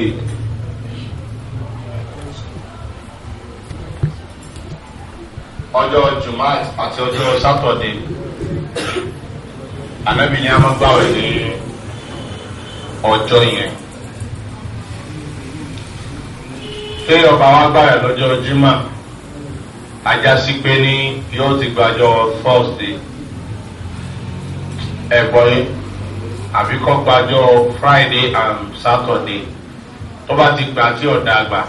aid. ọjọ́ jumat àti ọjọ́ sátọ̀dé ànábì ni a máa gbàwẹ̀ ní ọjọ́ yẹn pé ọba wa gbàwẹ̀ lọ́jọ́ jimá ajásí pé ní yóò ti gbàjọ thursday ẹ̀gbọ́n yìí àbíkọ́ gbàjọ friday and saturday tọ́ba ti gbà tí ọ̀dà àgbà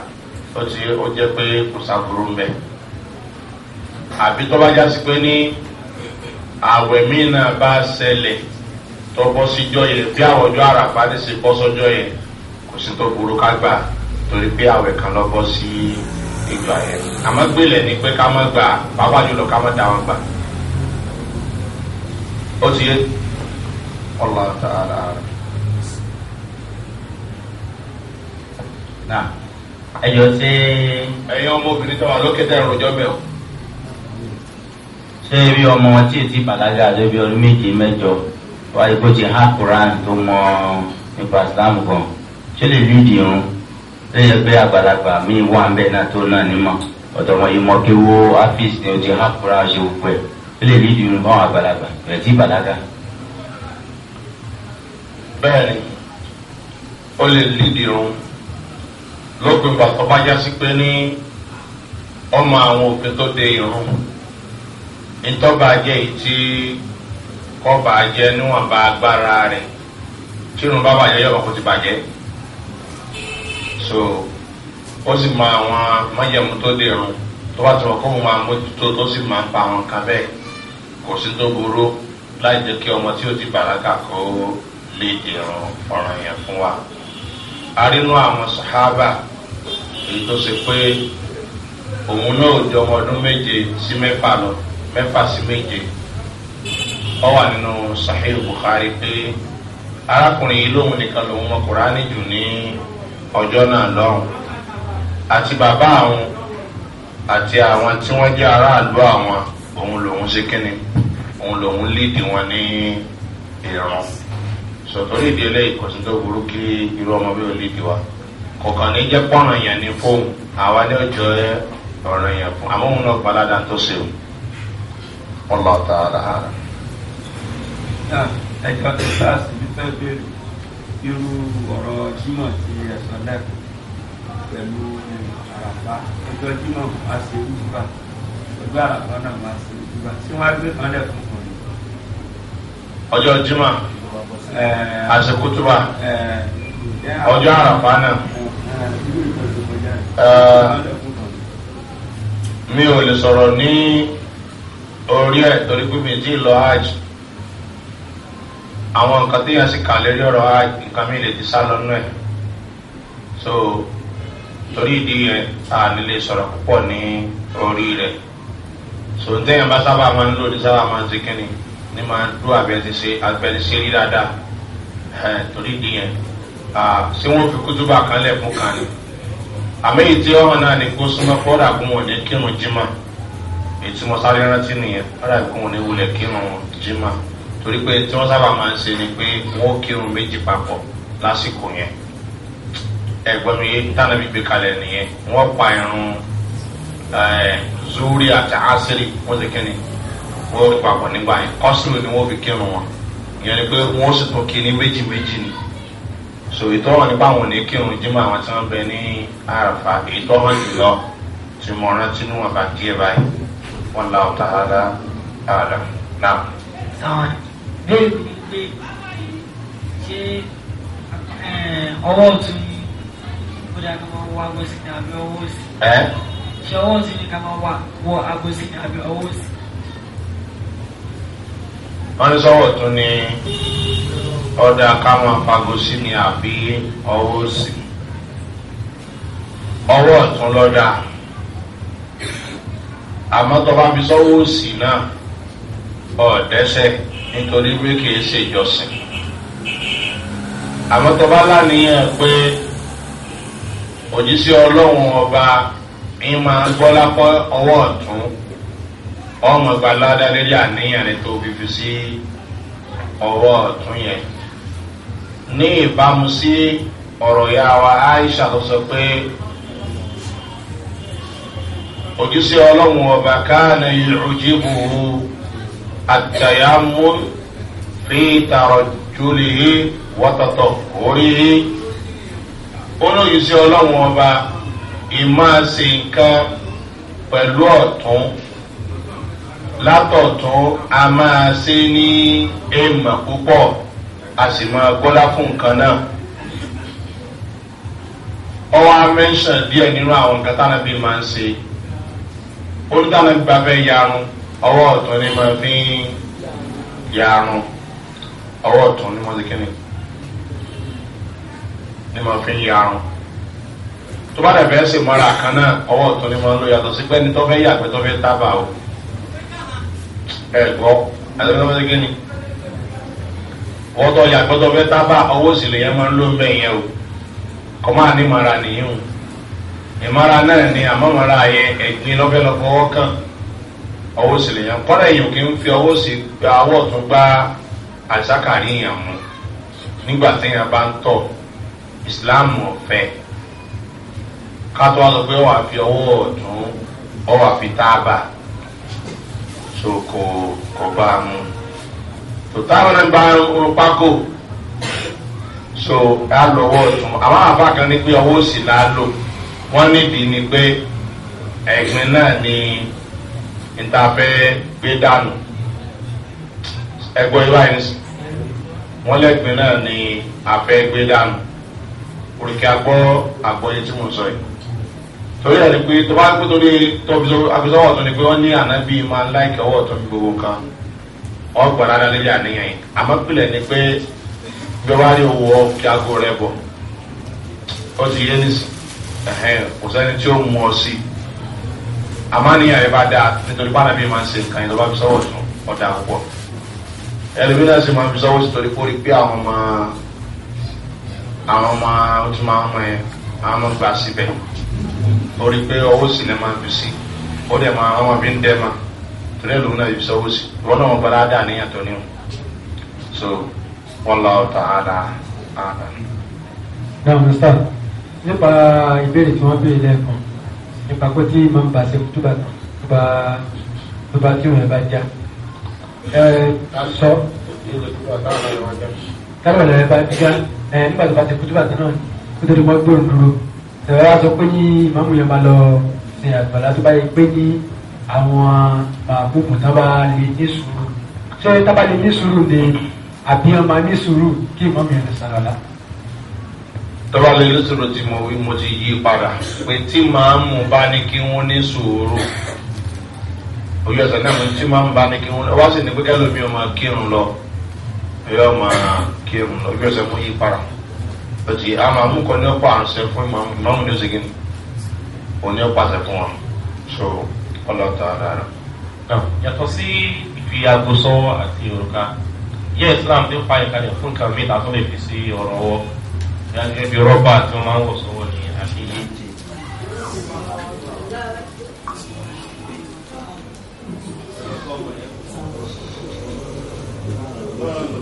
ó ti ó jẹ́ pé kò sàbúrú mbẹ́ àbí tọ́ba já sí pé ní àwẹ̀ míì náà bá ṣẹlẹ̀ tó bọ́ síjọ́ yẹn bí àwọn ọjọ́ àràpá ní sí bọ́ sọ́jọ́ yẹn kò sí tó burú ká gbà torí pé àwẹ̀ kan lọ́ bọ́ sí ìgbà yẹn àmọ́ gbélẹ̀ ni pé ká má gbà pàápàá jùlọ ká má dá wọn gbà ó ti yé ọlọ́ọ̀tà ara rẹ̀. ẹjọ ṣe. ẹyin ọmọbìnrin tó wà lókè tẹ ẹrù ọjọ bẹ o. ṣé ibi ọmọ wọn tí èsì bàlágà lóbi ọdún méje mẹjọ wá ibo ti há quran tó mọ nípa islam gan ṣé lè lù ìdí irun lẹyìn ẹgbẹ àgbàlagbà míì wà ń bẹ náà tó náà nímọ ọ̀dọ̀ wọn yìí mọ kí wó áfíìsì ni o ti há quran ṣe gbogbo ẹ̀ ṣé lè lù ìdí irun báwọn àgbàlagbà rẹ̀ tí bàlágà. bẹ́ẹ̀ ni lè lù ìdí lópin ìgbà tó bá já sí pé ní ọmọ àwọn òfin tó de irun ntọ́ba jẹ́ èyí tí kọ́ba jẹ́ níwọ̀nba agbára rẹ̀ tí irun bá bàjẹ́ yọ̀bọ̀ kó ti bàjẹ́ so ó sì mọ àwọn májẹ̀mú tó de irun tó bá ti wọ́n kó wọn máa mójútó tó sì máa ń pa àwọn kan bẹ́ẹ̀ kò sí tó burú láì jẹ́ kí ọmọ tí ó ti bàlágà kó lè dèrò ọ̀ràn yẹn fún wa. a rí àwọn sàhábà èyí tó ṣe pé òun náà jọ ọmọ ọdún méje sí mẹ́fà lọ mẹ́fà sí méje ọ wà nínú sahih buhari pé arákùnrin yìí lóun nìkan lòun mọ kùránì jù ní ọjọ́ náà lọ́hùn àti bàbá àwọn àti àwọn tí wọ́n jẹ́ aráàlú àwọn òun lòun ṣe kínni òun lòun lídìí wọn ní ìran sọ̀tọ́ nídìí eléyìí tó burú kí irú ọmọ bí ó lídìí wa kọ̀ọ̀kan ní jẹ́ pọ́nrán yẹn ní fóun àwa ní ọjọ́ ọ̀rọ̀ yẹn fún àmọ́ òun náà gbalada tó ṣe o ọlọ́ ta ara. ẹ̀ka sars mi fẹ́ bẹ̀rẹ̀ irú ọ̀rọ̀ jimọ̀ ti ẹ̀sán lẹ́kọ̀ọ́ pẹ̀lú àràbá ọjọ́ jimọ̀ a ṣe wúdúrà ọjọ́ àràbá náà máa ṣe wúdúrà tí wọ́n á gbé kan lẹ́kọ̀ọ́ kan ní. ọjọ́ jimọ̀ àṣekútúbà ọjọ́ àràbá náà. Ah, mi ò lè sọ̀rọ̀ ní orí ẹ̀ torí pé mi ti lọ hajj àwọn nǹkan tí yẹn sì kà lérí ọ̀rọ̀ hajj nǹkan mi lè ti sá lọ ẹ̀ so torí ìdí yẹn a lè lè sọ̀rọ̀ púpọ̀ ní orí rẹ̀ so ntẹ́yìn bá sábà máa ń lò ní sábà máa ń ti kíni ní máa ń dún àbẹ̀tí sí rí dáadáa torí ìdí yẹn. si wọn fi kútúbà kan lẹ́kùn kan ni àmì èyí tí ọ̀hún náà ni kó súnmọ́ kọ́dà kó wọn ní kírun jimá èyí tí sáré rántí nìyẹn wọn ní kírun jimá torí pé tí wọ́n sábà máa ń ṣe ni pé kírun méjì lásìkò yẹn mi mi gbé wọ́n pa irun eh, zuri àti asiri wọ́n ti kíni nígbà yẹn ni fi kírun wọn ìyẹn wọ́n sì tún kí so ìtọ́ wọn nípa àwọn oníkírun jimá àwọn tí wọ́n bẹ ní àràfà ìtọ́ wọn jùlọ tí mo rántí ní wọn bá díẹ̀ báyìí wọn la ọ̀tá ara ara náà. sọ̀rọ̀ bẹ́ẹ̀ ni pé ṣé eh, ọwọ́ ọ̀tún ni ó dáa ká máa wá agbósìn tàbí ọwọ́ òsì. ṣé ọwọ́ ọ̀tún ni ká máa wá wọ agbósìn tàbí ọwọ́ òsì wọ́n ní sọ́wọ́ tún ní ọ̀dà ká máa fago sí ni àbí ọwọ́ òsì ọwọ́ ọ̀tún lọ́dà àmọ́ tó bá fi sọ́wọ́ òsì náà ọ̀dẹ́sẹ̀ nítorí pé kìí ṣe ìjọsìn àmọ́ tó bá láníyàn pé òjíṣẹ́ ọlọ́run ọba ìmọ̀ agbọ́lápọ̀ ọwọ́ ọ̀tún ọmọ gba ládá lórí àníyàn rẹ tó fífi sí ọwọ́ ọ̀tún yẹn ní ìbámu sí ọ̀rọ̀ ya wa aisha tó sọ pé ojúṣe ọlọ́run ọba káàní ìrùjíbù àtàyàmú fi tààrọ̀ jùlìhí wọ́tọ̀tọ̀ oríhí olóyún sí ọlọ́run ọba ìmáa ṣe nǹkan pẹ̀lú ọ̀tún látọ̀tún a máa ṣe ní èèmọ̀ púpọ̀ a sì máa gbọ́lá fún nǹkan náà ọwọ́ amẹ́ńsàn díẹ̀ nínú àwọn nǹkan tánà bí máa ń ṣe olùdáná gba fẹ́ yarun ọwọ́ ọ̀tún ni máa fi ń yarun ọwọ́ ọ̀tún ni wọ́n ti kíni ni máa fi ń yarun tó bá dẹ̀ fẹ́ ṣèmọ́ra kan náà ọwọ́ ọ̀tún ni máa ń lo yàtọ̀ sí pé ní tó fẹ́ yàgbẹ́ tó fẹ́ tábà o ẹ̀gbọ́ alẹ́gbẹ́mọ́sí kí ni wọ́n tọ́ yàgbọ́tọ̀ fẹ́ tábà owó sì lè yẹn máa ń ló ń bẹ̀ yẹn o kọ́ máa ní mara nìyí o ìmara náà ni àmọ́mara yẹ ẹ̀gbin lọ́fẹ́lọ́fẹ́ ọwọ́ kan owó sì lè yẹn kọ́dà èèyàn kì í fi owó sì gba owó tún gba àṣàkàrí yẹn mu nígbà téèyàn bá ń tọ̀ ìsìláàmù ọ̀fẹ́ ká tó wá sọ pé wọ́n fi owó ọ̀dún ọ̀wà fi tábà so kò kò bá a mu tó táwọn náà bá so a lọ ọwọ́ ọ̀tún àwọn àbá kan ní pé ọwọ́ òsì là á lò wọ́n nídìí ni pé ẹ̀gbin na ni níta fẹ́ gbé dànù ẹgbẹ́ ìwà yìí wọ́n lẹ́gbin náà ni a fẹ́ gbé dànù òrìkì agbọ́ àgbọ̀yé tí mo sọ yìí torí ẹni pé tó bá pé torí abisọ́wọ́ tó ni pé wọ́n ní ànábì máa ń láìkẹ́ ọwọ́ tó ń gbogbo nǹkan wọ́n gbọ́n rárá lórí àníyàn yìí àmọ́ pìlẹ̀ ni pé bí wọ́n bá rí owó kí aago rẹ bọ̀ ó ti yé nísì kò sẹ́ni tí ó mú ọ sí àmọ́ níyàn yẹn bá dáa nítorí bá ànábì máa ń se nǹkan yìí tó bá fi sọ́wọ́ tó ọ̀dà púpọ̀ náà sì máa fi sọ́wọ́ torí pé ó pé àwọn ọmọ àwọn ọmọ ó máa ń mọ ẹ àwọn ọmọ orí pé ọwọ́ sì lè máa fi sí ó dẹ̀ máa ọmọ bí ń dẹ́ máa torí ẹ̀ lòun náà yìí sọ́wọ́ sí wọn náà wọn bá dá níyàn tó ní o so wọn lọ ọ̀tà àdá àdá. dáhùn sáà nípa ìbéèrè tí wọ́n béèrè lẹ́ẹ̀kan nípa pé tí màá bá ṣe tó bá tán tó bá tó bá tí òun ẹ̀ bá já ẹ sọ táwọn ẹ̀ bá já ẹ nígbà tó bá ṣe kútúbà tán náà kó tó di mọ́ gbóòórùn dúró tẹ̀wé wa sọ pé ní ìmáàmù yẹn máa lọ ṣe àgbàlá tó bá yẹ pé ní àwọn àbùkù tán bá lè ní sùúrù ṣé tá bá lè ní sùúrù ni àbí wọn máa ní sùúrù kí ìmáàmù yẹn lè sàrọ̀lá. tọ́ba lè ní sùúrù tí mo wí mo ti yí padà pé tí màámu bá ní kí wọ́n ní sùúrù ojú ẹsẹ̀ náà mo ti máa ń bá ní kírun lọ wá sí ní pé kẹ́lómi ọmọ kírun lọ yóò máa kírun lọ ojú ẹsẹ̀ mo yí padà ɔti ama mu kɔ ne kɔ ansɛ fún ma ma mu ne segin o ne kɔ asɛ fún wa so ɔlɔ ta ara. yàtọ̀ sí ìfi agosọ àti òrùka yẹ islam ti fa ìkàlẹ̀ fún nǹkan mi tàbí lè fi sí ọ̀rọ̀ wọ gẹ́gẹ́ bí rọ́bà tí wọ́n máa ń wọ̀ sọ́wọ́ ní àti yìí. Thank you.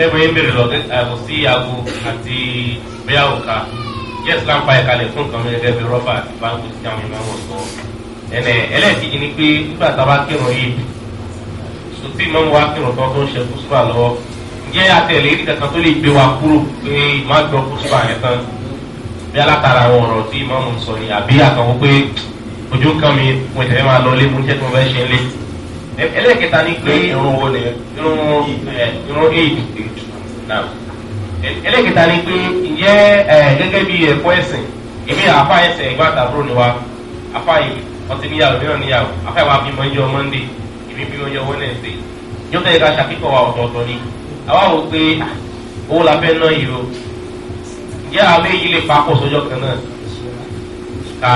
tẹ́gbẹ́ yín bèrè lọ kò sí aago àti bẹ́ẹ̀ òkà yẹ islam pa ẹ̀ka lè fún nǹkan mi gẹ́gẹ́ bí rọ́bà àti báńkì tí àwọn ìmọ̀ wọ̀ sọ ẹnẹ ẹlẹ́ẹ̀kejì ni pé nígbà tá a bá kírun yìí sùtì mọ́ wa kírun tán tó ń ṣe kùsùpà lọ́wọ́ ǹjẹ́ àtẹ̀lé ìdí kankan tó lè gbé wa kúrò pé má gbọ́ kùsùpà yẹn tán bí alátara àwọn ọ̀rọ̀ tí ìmọ̀ mọ̀ sọ ni àbí àkànwó pé ojú kan mi mo tẹ̀lé máa lọ lé mo jẹ́ tí mo fẹ́ ṣe lé ẹlẹ́ẹ̀kẹta ẹlẹ́kẹta ni pé ìyẹ́ eh, gẹ́gẹ́ bí ẹ̀kọ́ ẹ̀sìn èmi àfa ẹ̀sìn ẹ̀gbọ́n àtàbúrò ni wa àfa yìí ọtí níyàwó mìíràn níyàwó àfa ìwà bímọ ẹjọ́ monday èmi bímọ ẹjọ́ wednesday yóò tẹ̀lé ká ṣàkíkọ̀ wa ọ̀tọ̀ọ̀tọ̀ ni àwa wò pé ah, owó la fẹ́ ná yìí o ǹjẹ́ àwọn méjì lè pa àkóso ọjọ́ kan náà ká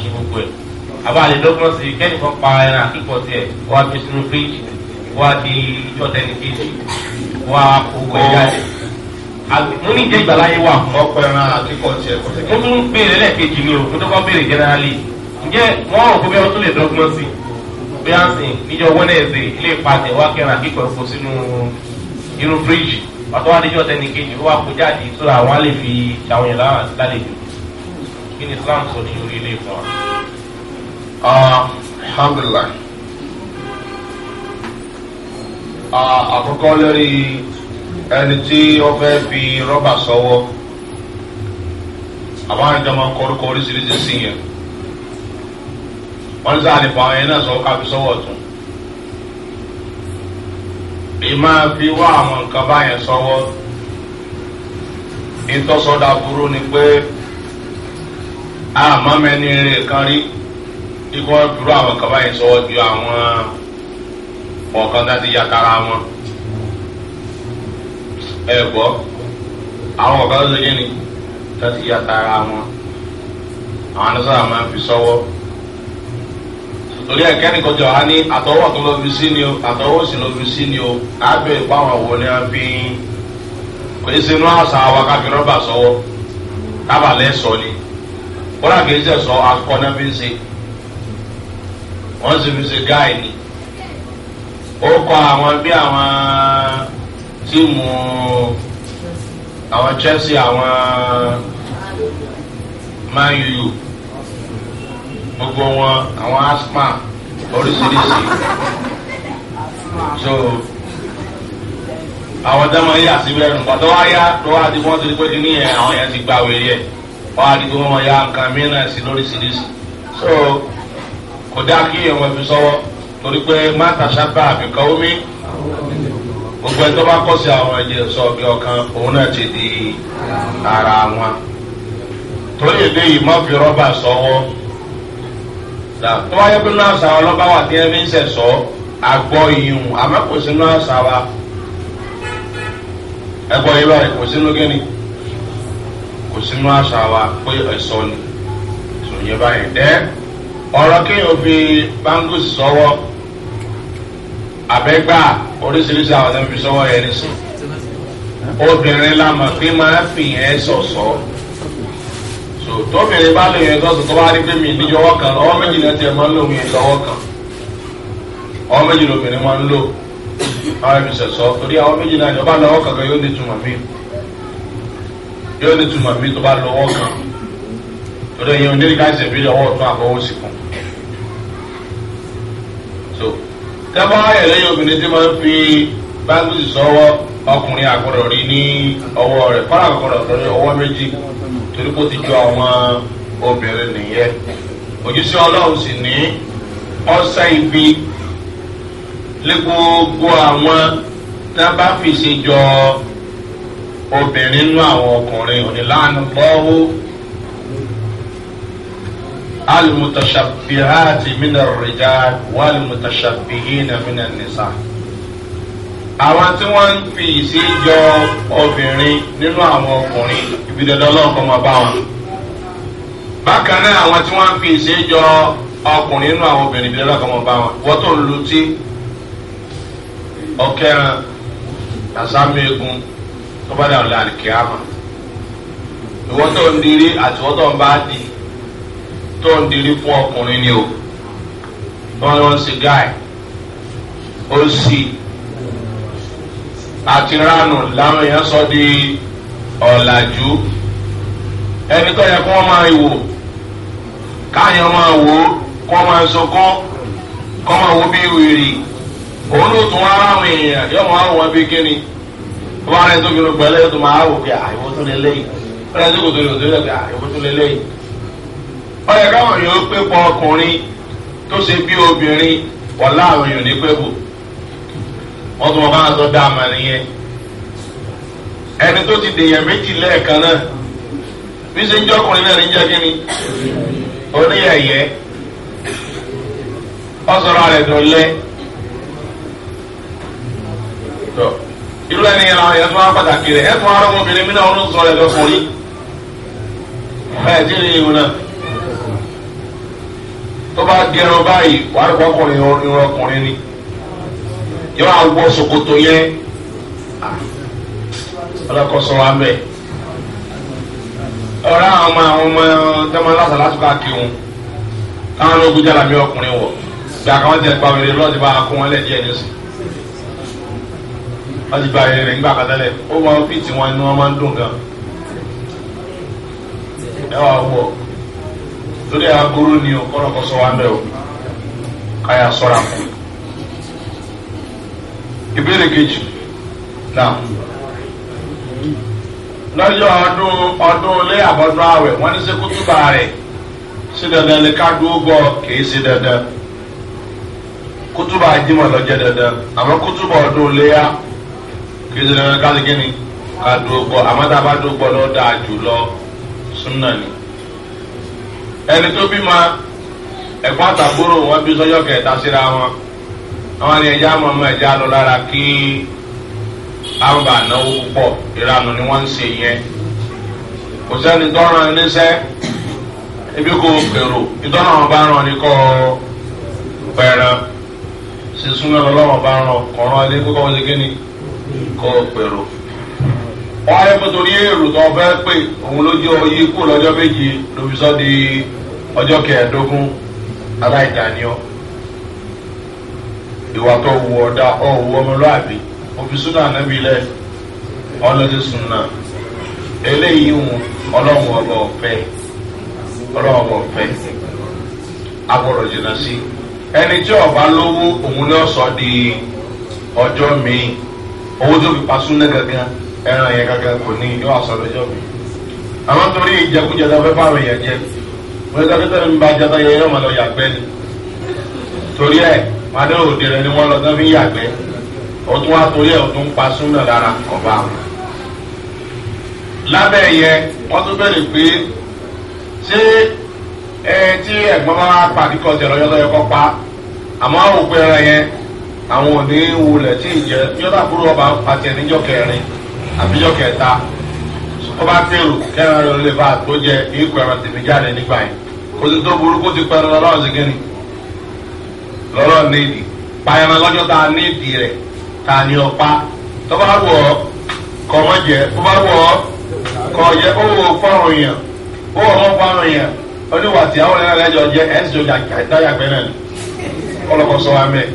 ṣe gbogbo ẹ̀ àbá àlè lọ́gbọ́n sí kẹ́nìkan pa ẹran àkíkọ̀ tiẹ̀ wá gbé sínú fíríjì wá di ìjọ tẹni kejì wá owó ẹ jáde mo ní jẹ ìgbàláyé wà. ọpẹ ẹran àti kọọtì ẹkọ tẹ. mo tún béèrè lẹ́ẹ̀kejì mi o mo tún kọ́ béèrè jẹ́nẹ́rálì ǹjẹ́ wọ́n rò pé bí wọ́n tún lè dọ́gbọ́n sí i bí wọ́n sìn níjọ wẹ́nẹ̀ẹ̀dẹ̀ ilé ìpàdé wá kẹrin àkíkọ̀ ẹ̀fọ́ sínú inú fíríjì pàtó wá níjọ tẹni kejì ó wá kó jáde tó ra àwọn lè fi ṣàwọn yẹn láwọn àti lálejò kí ni islam sọ ní orí ilé ìfọ. àkọ́kọ́ lórí ẹni tí wọ́n fẹ́ fi rọ́bà sọ́wọ́ àwọn àjọ máa ń kọ orúkọ oríṣiríṣi sí yẹn wọ́n ní sáà nípa àwọn yẹn náà sọ́wọ́ káfí sọ́wọ́ tún ìmọ̀ fi wá àwọn nǹkan báyẹn sọ́wọ́ ìtọ́sọ́dà burú ni pé àmọ́ mẹ́ni rè kan rí ikú dúró àwọn nǹkan báyẹn sọ́wọ́ ju àwọn. kọ̀ọ̀kan dá ti yàtara wọn ẹ gbọ́ àwọn kọ̀ọ̀kan tó ni dá ti yàtara wọn àwọn anisọ́ra máa fi sọ́wọ́ torí ẹ̀kẹ́ jọ á ní àtọwọ́ tó lọ fi sí ni o àtọwọ́ sì lọ fi sí ni o lábẹ́ ìpáwọn wo ni a fi ń kò ní sinú àṣà wa ká fi rọ́bà sọ ni ó kọ àwọn bí àwọn tíìmù àwọn chelsea àwọn man u gbogbo wọn àwọn aspa oríṣiríṣi so àwọn dámọ̀ yà síbẹ̀ nù pàtó wá yá tó wá di wọ́n ti pé ní ẹ̀ àwọn yẹn ti gba wèrè ẹ̀ wọ́n á di pé wọ́n yá nǹkan mìíràn sí lóríṣiríṣi so kò dá kí èèyàn fi sọ́wọ́ torí pé má tàṣàbà àbí kàwómi gbogbo ẹni tó bá kọ́ sí àwọn ẹ̀jẹ̀ sọ ọ̀gẹ̀ ọ̀kan òun náà ti di ara wọn torí èdè yìí má fi rọ́bà sọ́wọ́ tó wáyé pé náà sàwọn ọlọ́ba wà tí ẹni ń sẹ̀ sọ àgbọ̀ ìyún àmọ́ kò sí náà sàwa ẹgbọ́ yìí báyìí kò sínú kí ni kò sínú àṣà wa pé ẹ̀sọ́ ni sòyìn báyìí dẹ́ ọ̀rọ̀ kéèyàn fi báńgòsì sọ́wọ́ àbẹ́gbà oríṣiríṣi àwọn ọ̀dọ́ fi sọ́wọ́ yẹn ní sùn obìnrin la mọ̀ pé máa fi yẹn sọ̀sọ́ tóbìnrin bá lè yẹn sọ̀sọ̀ tó bá rí pé mi níyọwọ́ kan ọwọ́ méjì náà tiẹ̀ máa ń lò yẹn lọ́wọ́ kan ọwọ́ méjì lóbìnrin máa ń lò àwọn fi sọ̀sọ́ torí ọwọ́ méjì náà yọba lọ́wọ́ kankan yóò ní túmọ̀ mí yóò ní túmọ̀ mí tó bá lọ́wọ́ kan torí ẹ̀yin oníríkà ìṣẹ̀bí ọwọ́ ọ̀tún àbọ̀wọ́ sí kan tẹ́bá ayẹ̀ lẹ́yìn obìnrin tí máa ń fi báńgísì sọ́wọ́ ọkùnrin àgbọ̀dọ̀ rí ní ọwọ́ rẹ̀ fọ́nà àgbọ̀dọ̀ rí ọwọ́ méjì torí kó ti ju àwọn obìnrin nìyẹn òjísé ọlọ́run sì ní ọ̀sá ibi lé gbogbo àwọn tẹ́bá fi ṣe jọ obìnrin nú àwọn ọkùnrin òní láàánú lọ́wọ́. المتشبهات من الرجال والمتشبهين من النساء àwọn tí wọ́n ń fi ìsí jọ obìnrin nínú àwọn ọkùnrin ibi dandan ọlọ́ọ̀kan máa bá wọn. bákan náà àwọn tí wọ́n ń fi ìsí jọ ọkùnrin nínú àwọn obìnrin ibi dandan ọlọ́ọ̀kan máa bá wọn. wọ́n tó ń lu tí ọ̀kẹ́ran àsámẹ́gun tó bá dà ọ̀la àlìkè àmà. ìwọ́n tó ń dirí àti wọ́n tó ń bá dì tó ń dirí fún ọkùnrin ni o wọn lọ sí guy ó sì àti ránù làwọn èèyàn sọ di ọ̀làjú ẹni tó yẹ kó wọn máa wò káyọ̀ máa wò kó wọn máa sọkọ́ kó máa wò bí wèrè òun ló tún ara àwọn èèyàn yóò máa wò wọn bí kíni wọn rẹ tó fi rògbòlẹ́yìn tó máa wò pé àìwọ́ ah, tó lé lẹ́yìn wọn rẹ tó kò tó lè lé lẹ́yìn ọ̀yẹ̀ káwọn èèyàn ó pé pọ̀ ọkùnrin tó ṣe bí obìnrin ọ̀la àwọn èèyàn ní pé bò wọ́n tún wọn bá tó dá àmà nìyẹn ẹni tó ti dèèyàn méjì lẹ́ẹ̀kan náà bí ṣe ń jọkùnrin náà ní jẹ́ kí ni oníyẹ̀yẹ́ ọ̀sọ̀rọ̀ rẹ̀ dùn lẹ́ irú ẹni yẹn làwọn yẹn tún wá pàtàkì rẹ̀ ẹ̀ tún wá rọ́mọbìnrin mi náà ó ń sọ ẹ̀ lọ́kùnrin ẹ̀ tí ì rí ìwọ náà. tó bá gẹrun báyìí wàá rí ọkùnrin irun ọkùnrin ni yóò máa wọ ṣòkòtò yẹn ọlọ́kọ̀ọ́sọ wa mẹ́ ọ̀rọ̀ àwọn ọmọ àwọn ọmọ láti lásìkò káwọn ológun jẹ́ ọkùnrin wọ ti gba nígbà torí aburú ni o kọ́nà kọ́sọ́ wa ń bẹ̀ o káyà sọ́ra fún ìbéèrè kejì náà lọ́jọ́ ọdún ọdún ilé àbọ̀dún ààwẹ̀ wọ́n ní sẹ́kú túbà rẹ̀ sí dandan ní kádùú gbọ́ kìí sí dandan kútùbà àjímọ̀ lọ́jọ́ dandan àmọ́ kútùbà ọdún iléyà kìí sí dandan káàdì kínní kádùú gbọ́ àmọ́ tá a bá dùn gbọ́ lọ́ dáa jù lọ súnmọ́ ni ẹni tó bímọ ẹ̀kọ́ àtàkùrò wọn bí sọ́jọ́ kẹta síra wọn àwọn ni ẹja mọ ọmọ ẹja lọ lára kí àwọn bá náwó pọ̀ ìranù ni wọ́n ń se yẹn kò sẹ́ni tọ́ran níṣẹ́ ebi kò kèrò ìtọ́nà wọn bá ràn ní kọ́ pẹ̀rẹ̀ sísun náà lọ́wọ́ bá ràn kọ́ran ilé kókó wọn ṣe kí ni kọ́ pẹ̀rọ. wọ́n á yẹ kó torí èrò tó fẹ́ pè òun ló jẹ́ oyè kú lọ́jọ́ méje lóbi sọ́ di. ọjọ́ kẹẹ̀ẹ́dógún aláìdáníọ́ ìwà tó wù ọ̀dà ọ̀wù ọmọlúàbí òfìsúnà anábì lẹ̀ ọlọ́dúnṣúnà eléyìí ń ọlọ́run ọba ọ̀fẹ́ ọlọ́run ọba ọ̀fẹ́ agbọ̀rọ̀ jìnnà sí ẹni tí ọba lówó òun ọ̀sọ́ di ọjọ́ míì owó tó fi pasún ní gangan ẹran yẹn gangan kò ní yóò àsọ̀rọ̀ ọjọ́ torí ìjẹkújẹ bá mọ́tẹ́tẹ́tẹ́ mi bá jẹ́tọ́ yẹn yóò máa lọ yàgbẹ́ ni torí ẹ̀ máa dé òde rẹ ni wọ́n lọ tán fi ń yàgbẹ́ ọdún wa torí ẹ̀ ọdún pa súnà lára ọba lábẹ́ yẹn wọ́n tún bẹ̀rẹ̀ pé ṣé ẹ tí ẹ̀gbọ́n bá wá pàdé kọjá lọ́yọ́ lọ́yọ́ kọ́ pa àmọ́ òpin ẹran yẹn àwọn ò ní wulẹ̀ tí ì jẹ́ yọ́dà kúrò ọba pàtẹ́ níjọ́ kẹrin àbíjọ́ kẹta tó bá kérò kẹrin rẹ lè bá àtó jẹ ikú ẹran tèmi jáde nígbà yẹn kó ti tó burúkú ti pẹ́ lọ́rọ́ ṣe kíni lọ́rọ́ nídìí pààyàn lọ́jọ́ tá a nídìí rẹ̀ tá a ní ọpá tó bá wọ̀ ọ́ kọ́ wọ́n jẹ tó bá wọ̀ ọ́ kọ́ yẹ ó wò fọ́rùn yẹn ó wọ̀ wọ́n fọ́rùn yẹn oníwà tí àwọn ẹ̀rọ ẹ̀jọ̀ jẹ ẹ̀sìn ojà àìtáyà pẹ́ náà ni ọlọ́kọ̀ sọ wa mẹ́ẹ̀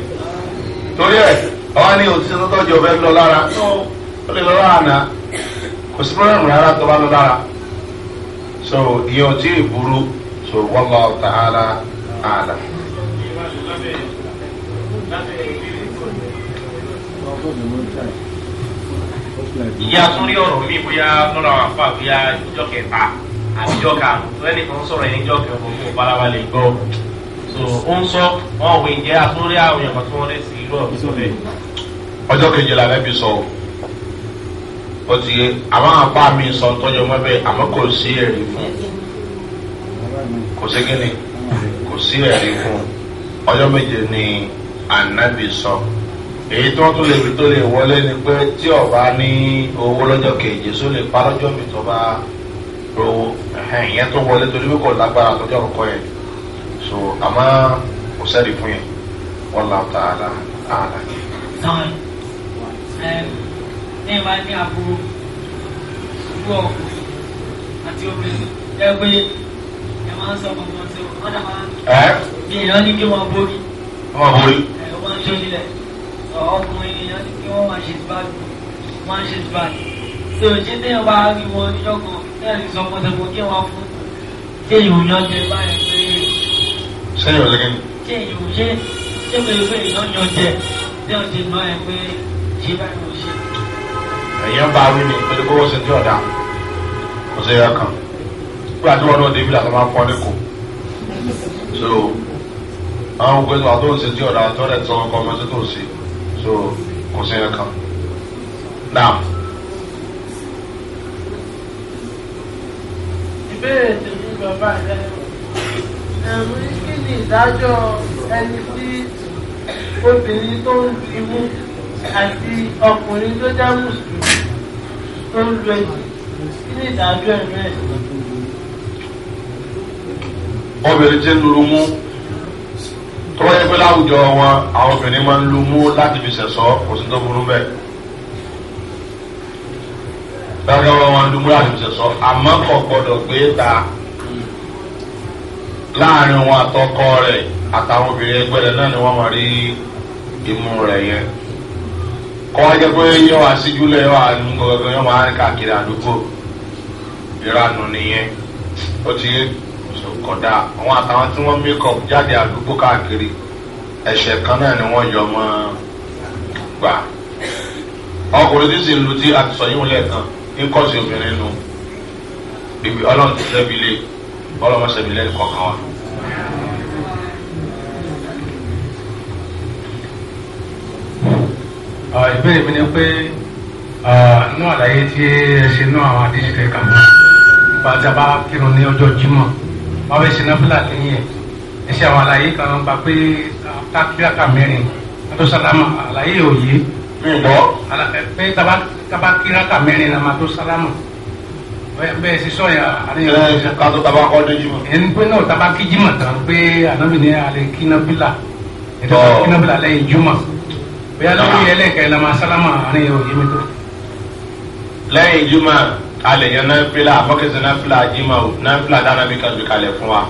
torí ẹ̀ àwọn ní òtítọ́ tọ́jú ọ̀fẹ́ lọ lára ó lè lọ́rọ́ àná kò sí pírọ́lẹ́mù rárá tó bá so ìyẹn ò tí ì burú so wọ́lọ́ tààlà àlà. ìyá tún rí ọ̀rọ̀ mi bóyá lọ́la wà fà bóyá ìjọ kẹta àtijọ́ karùn-ún lẹ́nu kan sọ̀rọ̀ ẹni jọ́ kẹfọ́ fún balaba lè gbọ́ so ó ń sọ wọn ò wé jẹ́ àtúndé àwọn èèyàn kan tí wọ́n lè sí irú ọ̀rọ̀ sọ̀rọ̀ ọjọ́ kejìlá rẹ̀ bí sọ ó ti yé àwọn àpá mi sọ tọ́jú ọmọ bẹ́ẹ̀ àmọ́ kò sí ẹ̀rí fún kò sí kíni kò sí ẹ̀rí fún ọjọ́ méje ni ànábì sọ èyí tí wọ́n tún lè fi tó lè wọlé ni pé tí ọba ní owó lọ́jọ́ kejì só lè pa lọ́jọ́ mi tó bá rówó ìyẹn tó wọlé torí pé kò lágbára lọ́jọ́ ọ̀kọ́ yẹn so àmọ́ kò sẹ́ẹ̀rí fún yẹn wọ́n là ọ̀tá àlà lẹ́yìn bá ní àbúrò ìlú ọkùnrin àti obìnrin ẹgbẹ́ ẹ máa ń sọ ọmọ wọn sí wọn dà máa bí èèyàn ní kí wọ́n borí. wọ́n borí. ẹ wọ́n ń ṣojú lẹ̀ ọkùnrin èèyàn ní kí wọ́n máa ṣe ìbáàdì wọ́n á ṣe ìbáàdì. ṣé òjì téèyàn bá rí wọn níjọ́ kan téèyàn ní sọ ọmọ tẹ̀wọ́ kí wọ́n fún kéèyàn yan jẹ báyẹn pé. sẹ́yìn ò lẹ́gẹ̀ẹ́. kéèyàn ṣe ṣé pé ìyàn jẹ bí wọ́n ti ná pé ṣé báyìí ò ṣe ẹ̀yẹ́ ń bá wí ni pẹ̀lú kó wọ́n ṣe ní ọ̀dà kò sí ẹ̀yọ kan nígbà tí wọ́n náà débi làtọ́ máa ń pọ́n lẹ́kọ̀ọ́ so àwọn ògbé tó àtọ́ ṣe ní ọ̀dà tọ́lẹ̀ tí wọ́n kọ́ ọmọ tó ṣe so kò sí ẹ̀yọ kan náà. ìbéèrè tèmi bàbá rẹ ẹ̀rù kí ni ìdájọ́ ẹni tí obìnrin tó ń fi àti ọkùnrin tó jẹ́ mùsùlùmí tó ń lo ẹ̀jẹ̀ kí ni ìdájọ́ ẹ̀mí ẹ̀. obìnrin tí ń lu mú tọ́wọ́ yẹn pé láwùjọ wọn àwọn obìnrin máa ń lu mú láti fi sẹ̀sọ́ kò sí tó burú bẹ́ẹ̀ lọ́dọ̀ wọn lu mú láti fi sẹ̀sọ́ àmọ́ kò gbọ́dọ̀ gbé ta láàrin wọn àtọkọ rẹ̀ àtàwọn obìnrin ẹgbẹ́ rẹ̀ náà ni wọ́n máa rí imú rẹ̀ yẹn kọ́ wọ́n jẹ́ pé yọ wá síjú lẹ̀ yọ wá nu gbọ̀ngàn yọ máa ń káàkiri àdúgbò ìranù nìyẹn ó ti kọ̀dà àwọn àtàwọn tí wọ́n mékọ̀pù jáde àdúgbò káàkiri ẹ̀ṣẹ̀ kan náà ni wọ́n yọ ọmọ gbà ọkùnrin tí sì ń lu tí a ti sọ yíwọ̀n lẹ́ẹ̀kan ní kọ́sì obìnrin nu bíbí ọlọ́run ti sẹ́bi lé ọlọ́run sẹ́bi lẹ́ẹ̀kọ̀ọ̀kan wa. ìbéèrè mi ni pé inú àlàyé tí ẹ ṣe náà àwọn àdéhùn rẹ̀ kà mọ́ nípa tí a bá kírun ní ọjọ́ jímọ̀ wọ́n fẹ́ ṣe náà fúlàní yẹn ẹ ṣe àwọn àlàyé kan nípa pé kákíráka mẹ́rin látọ̀ sálámà àlàyé òye ǹgbọ́ pé tábà kíráka mẹ́rin la máa tó sálámà bẹ́ẹ̀ sísọ yà àríyàn. ẹ kátó tábà kọ́ dé jímọ̀. ẹ ní pé náà tábà kí jímọ̀ tán pé ànábìnrin alẹ́ kí náà bílà ẹ tábà kí náà bílà lẹ́yìn jímọ̀ bóyá lórí ẹlẹ́kẹ̀ẹ́ la máa sálámà àárín yẹn òye mi tó. lẹ́yìn juma alẹ̀ fila náfìlà àfọ́kẹ́sẹ̀ náfìlà jimá o náfìlà dáná bí kan gbèkalẹ̀ fún wa.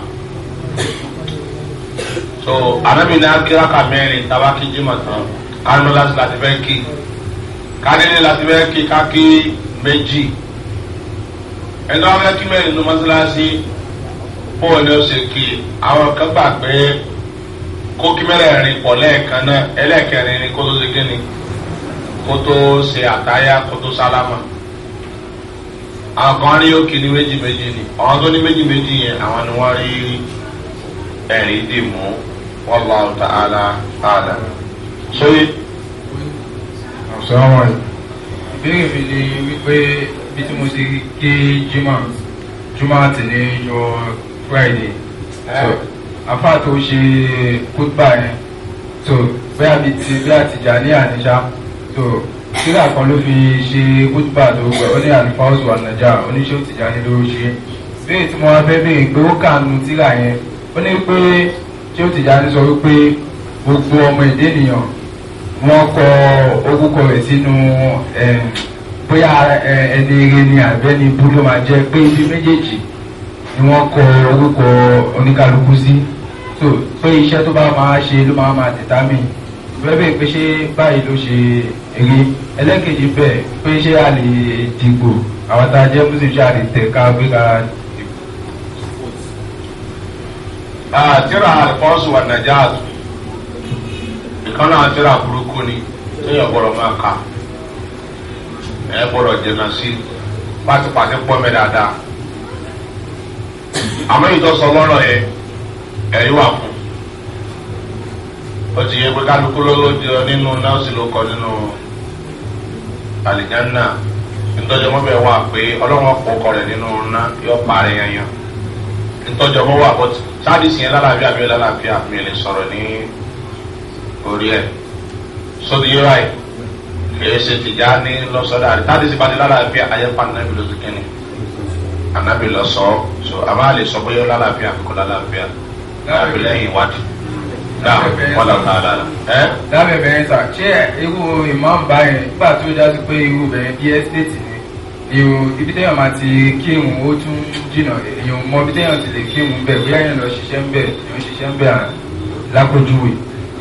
so anabi náà kíra ka mẹ́rin taba kí jimá tán kánú láti láti fẹ́ kí kánilé láti fẹ́ kí kákí méjì ẹ̀dọ́ afẹ́ kí mẹ́rin ló mọ́sálásí bóyá ni ó ṣe kí àwọn kan gbà pé kó kí mẹ́rẹ̀ẹ̀rin pọ̀ lẹ́ẹ̀kan náà ẹlẹ́ẹ̀kẹrin ni kó tó ṣe kíni kó tó ṣe àtáyà kó tó sálámà àwọn kan rí òkè ní méjì méjì ni àwọn tó ní méjì méjì yẹn àwọn ni wọ́n rí ẹ̀rí dì mú wọ́n lọ ta ara àdá. sóyè. àṣàwọ̀ ìbéèrè mi ni wípé bí tí mo ṣe gé jimá jimá àti ní yọ friday. So, Afa tó ṣe kútbà yẹn so bẹ́ẹ̀ bí ti bẹ́ẹ̀ àtijọ́ ní àníṣá so sílẹ̀ kan ló fi ṣe kútbà tó gbẹ ó ní àlùfáàsù ànàjà oníṣẹ́ òtìjà ní ló ṣe bẹ́ẹ̀ tí mo wá fẹ́ bẹ́ẹ̀ pé ó kànú sílà yẹn ó ní pé ṣé òtìjà ní sọ wípé gbogbo ọmọ èdè nìyàn wọ́n kọ orúkọ rẹ̀ sínú bóyá ẹni eré ni àbẹ́ni bú ló máa jẹ́ pé ibi méjèèjì ni wọ́n kọ orúkọ oníkálukú sí so so iṣẹ́ tó bá máa ṣe ló máa máa tẹ̀tà mí bẹ́ẹ̀ pé ṣé báyìí ló ṣe eré ẹlẹ́kejì bẹ́ẹ̀ pé ṣé a lè dìgbò àwọn tá a jẹ́ muslim ṣe a lè tẹ̀ ká gbé ká dìgbò. àtìrà ah, àlùfọ́sù wà nàìjà ìkànnà àtìrà burúkú ni téèyàn gbọ́dọ̀ máa kà ẹ gbọ́dọ̀ jẹ̀nà sí pátipàti pọ́mẹ́ dáadáa àmọ́ ìtọ́sọ lọ́rọ̀ yẹn ẹ̀rí wà kù ó ti yẹ pé kálukú ló ló di ọ nínú náà sì ló kọ nínú àlìjánná ntọ́jọ́ mọ́ bẹ́ẹ̀ wà pé ọlọ́run ọ̀pọ̀ ọkọ rẹ̀ nínú ná yọ parẹ́ yanyan ntọ́jọ́ mọ́ wà bọ́ sáàdìsì yẹn lálàáfíà bí ó lálàáfíà mi lè sọ̀rọ̀ ní orí ẹ̀ sọ́dọ̀ yóò ráì kìí ṣe tìjà ní lọ́sọ̀dọ̀ àti sáàdìsì bá ti lálàáfíà ayé pàǹdàbí lóṣù ànábì lọ́sọ̀ọ́ so àmà lè sọ pé yóò lálàáfíà kò lálàáfíà lábẹ́ lẹ́yìn ìwádìí lábẹ́ bẹ̀rẹ̀ sà ṣé irú ìmọ̀ọ́n báyẹn nígbà tó jásí pé irú bẹ̀rẹ̀ bí ẹ́stéètì ni irú ibi téèyàn máa ti kírun ó tún jìnnà èèyàn mọ ibi téèyàn ti lè kírun bẹ́ẹ̀ bí ẹ̀yìn lọ ṣiṣẹ́ ń bẹ̀ èèyàn ṣiṣẹ́ ń bẹ̀ lápòjúwe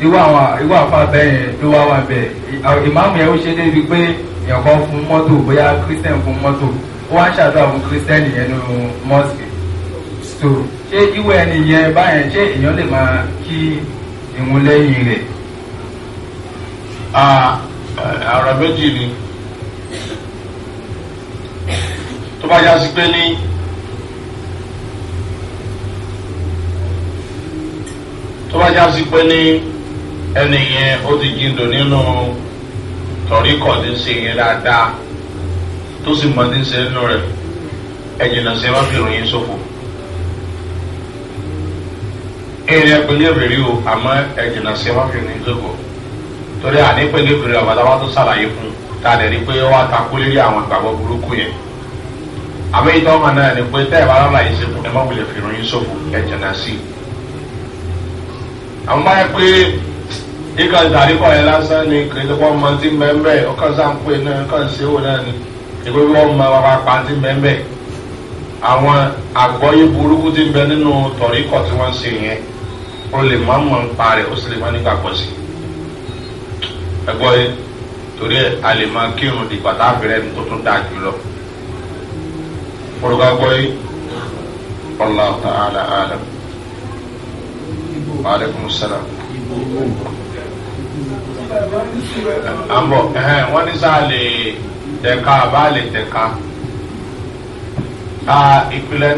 irú àwọn irú àfa bẹ́ẹ̀ ló wá wà bẹ́ẹ̀ ìmáàmù yẹn ó ṣe débi pé èèyàn kan fún mọ́tò bóyá kírísítẹ̀n fún mọ́tò ó wá ń ṣàdúrà fún kírísítẹ́nì yẹn nínú mọ́sìkì ṣé ìwé ẹni yẹn báyẹn ṣé èèyàn lè máa kí ìwọ̀n lẹ́yìn rẹ̀. àrà ah, méjì ni tó bá yá sí pé ní. tó bá já sí pé ní ẹni yẹn ó ti jíndò nínú tọ̀ríkọ̀ tí ń se yẹn dáadáa tó sì mọ tí ń nínú rẹ̀ ẹ̀jìnà sí ẹ má fi ròyìn sófò. èèyàn pẹ̀lú ìrírí o àmọ́ ẹ̀jìnà sí wáfíì ní ìdókò torí a pẹ̀lú ìrírí àbáláwá tó sàlàyé fún ta lè rí pé ó wá takú lórí àwọn ìgbàgbọ́ burúkú ọmọ náà ni pé tẹ́ ẹ̀ bá lọ́la yìí sẹ́kù ẹ má wulẹ̀ fi ròyìn sófò ẹ̀jìnà sí i. àwọn ni kìrìtì ti ni o lè mọ àmọ́ ń pa rẹ̀ o sì torí ẹ a lè máa kírun dìgbà tá a bẹ̀rẹ̀ ní tó tún dáa jù lọ fọlọ́gà gbọ́ yé ọlọ́ ta àlà àlà maaleykum salaam. àmọ́ wọ́n ní sáà lè tẹ̀ka àbá lè tẹ̀ka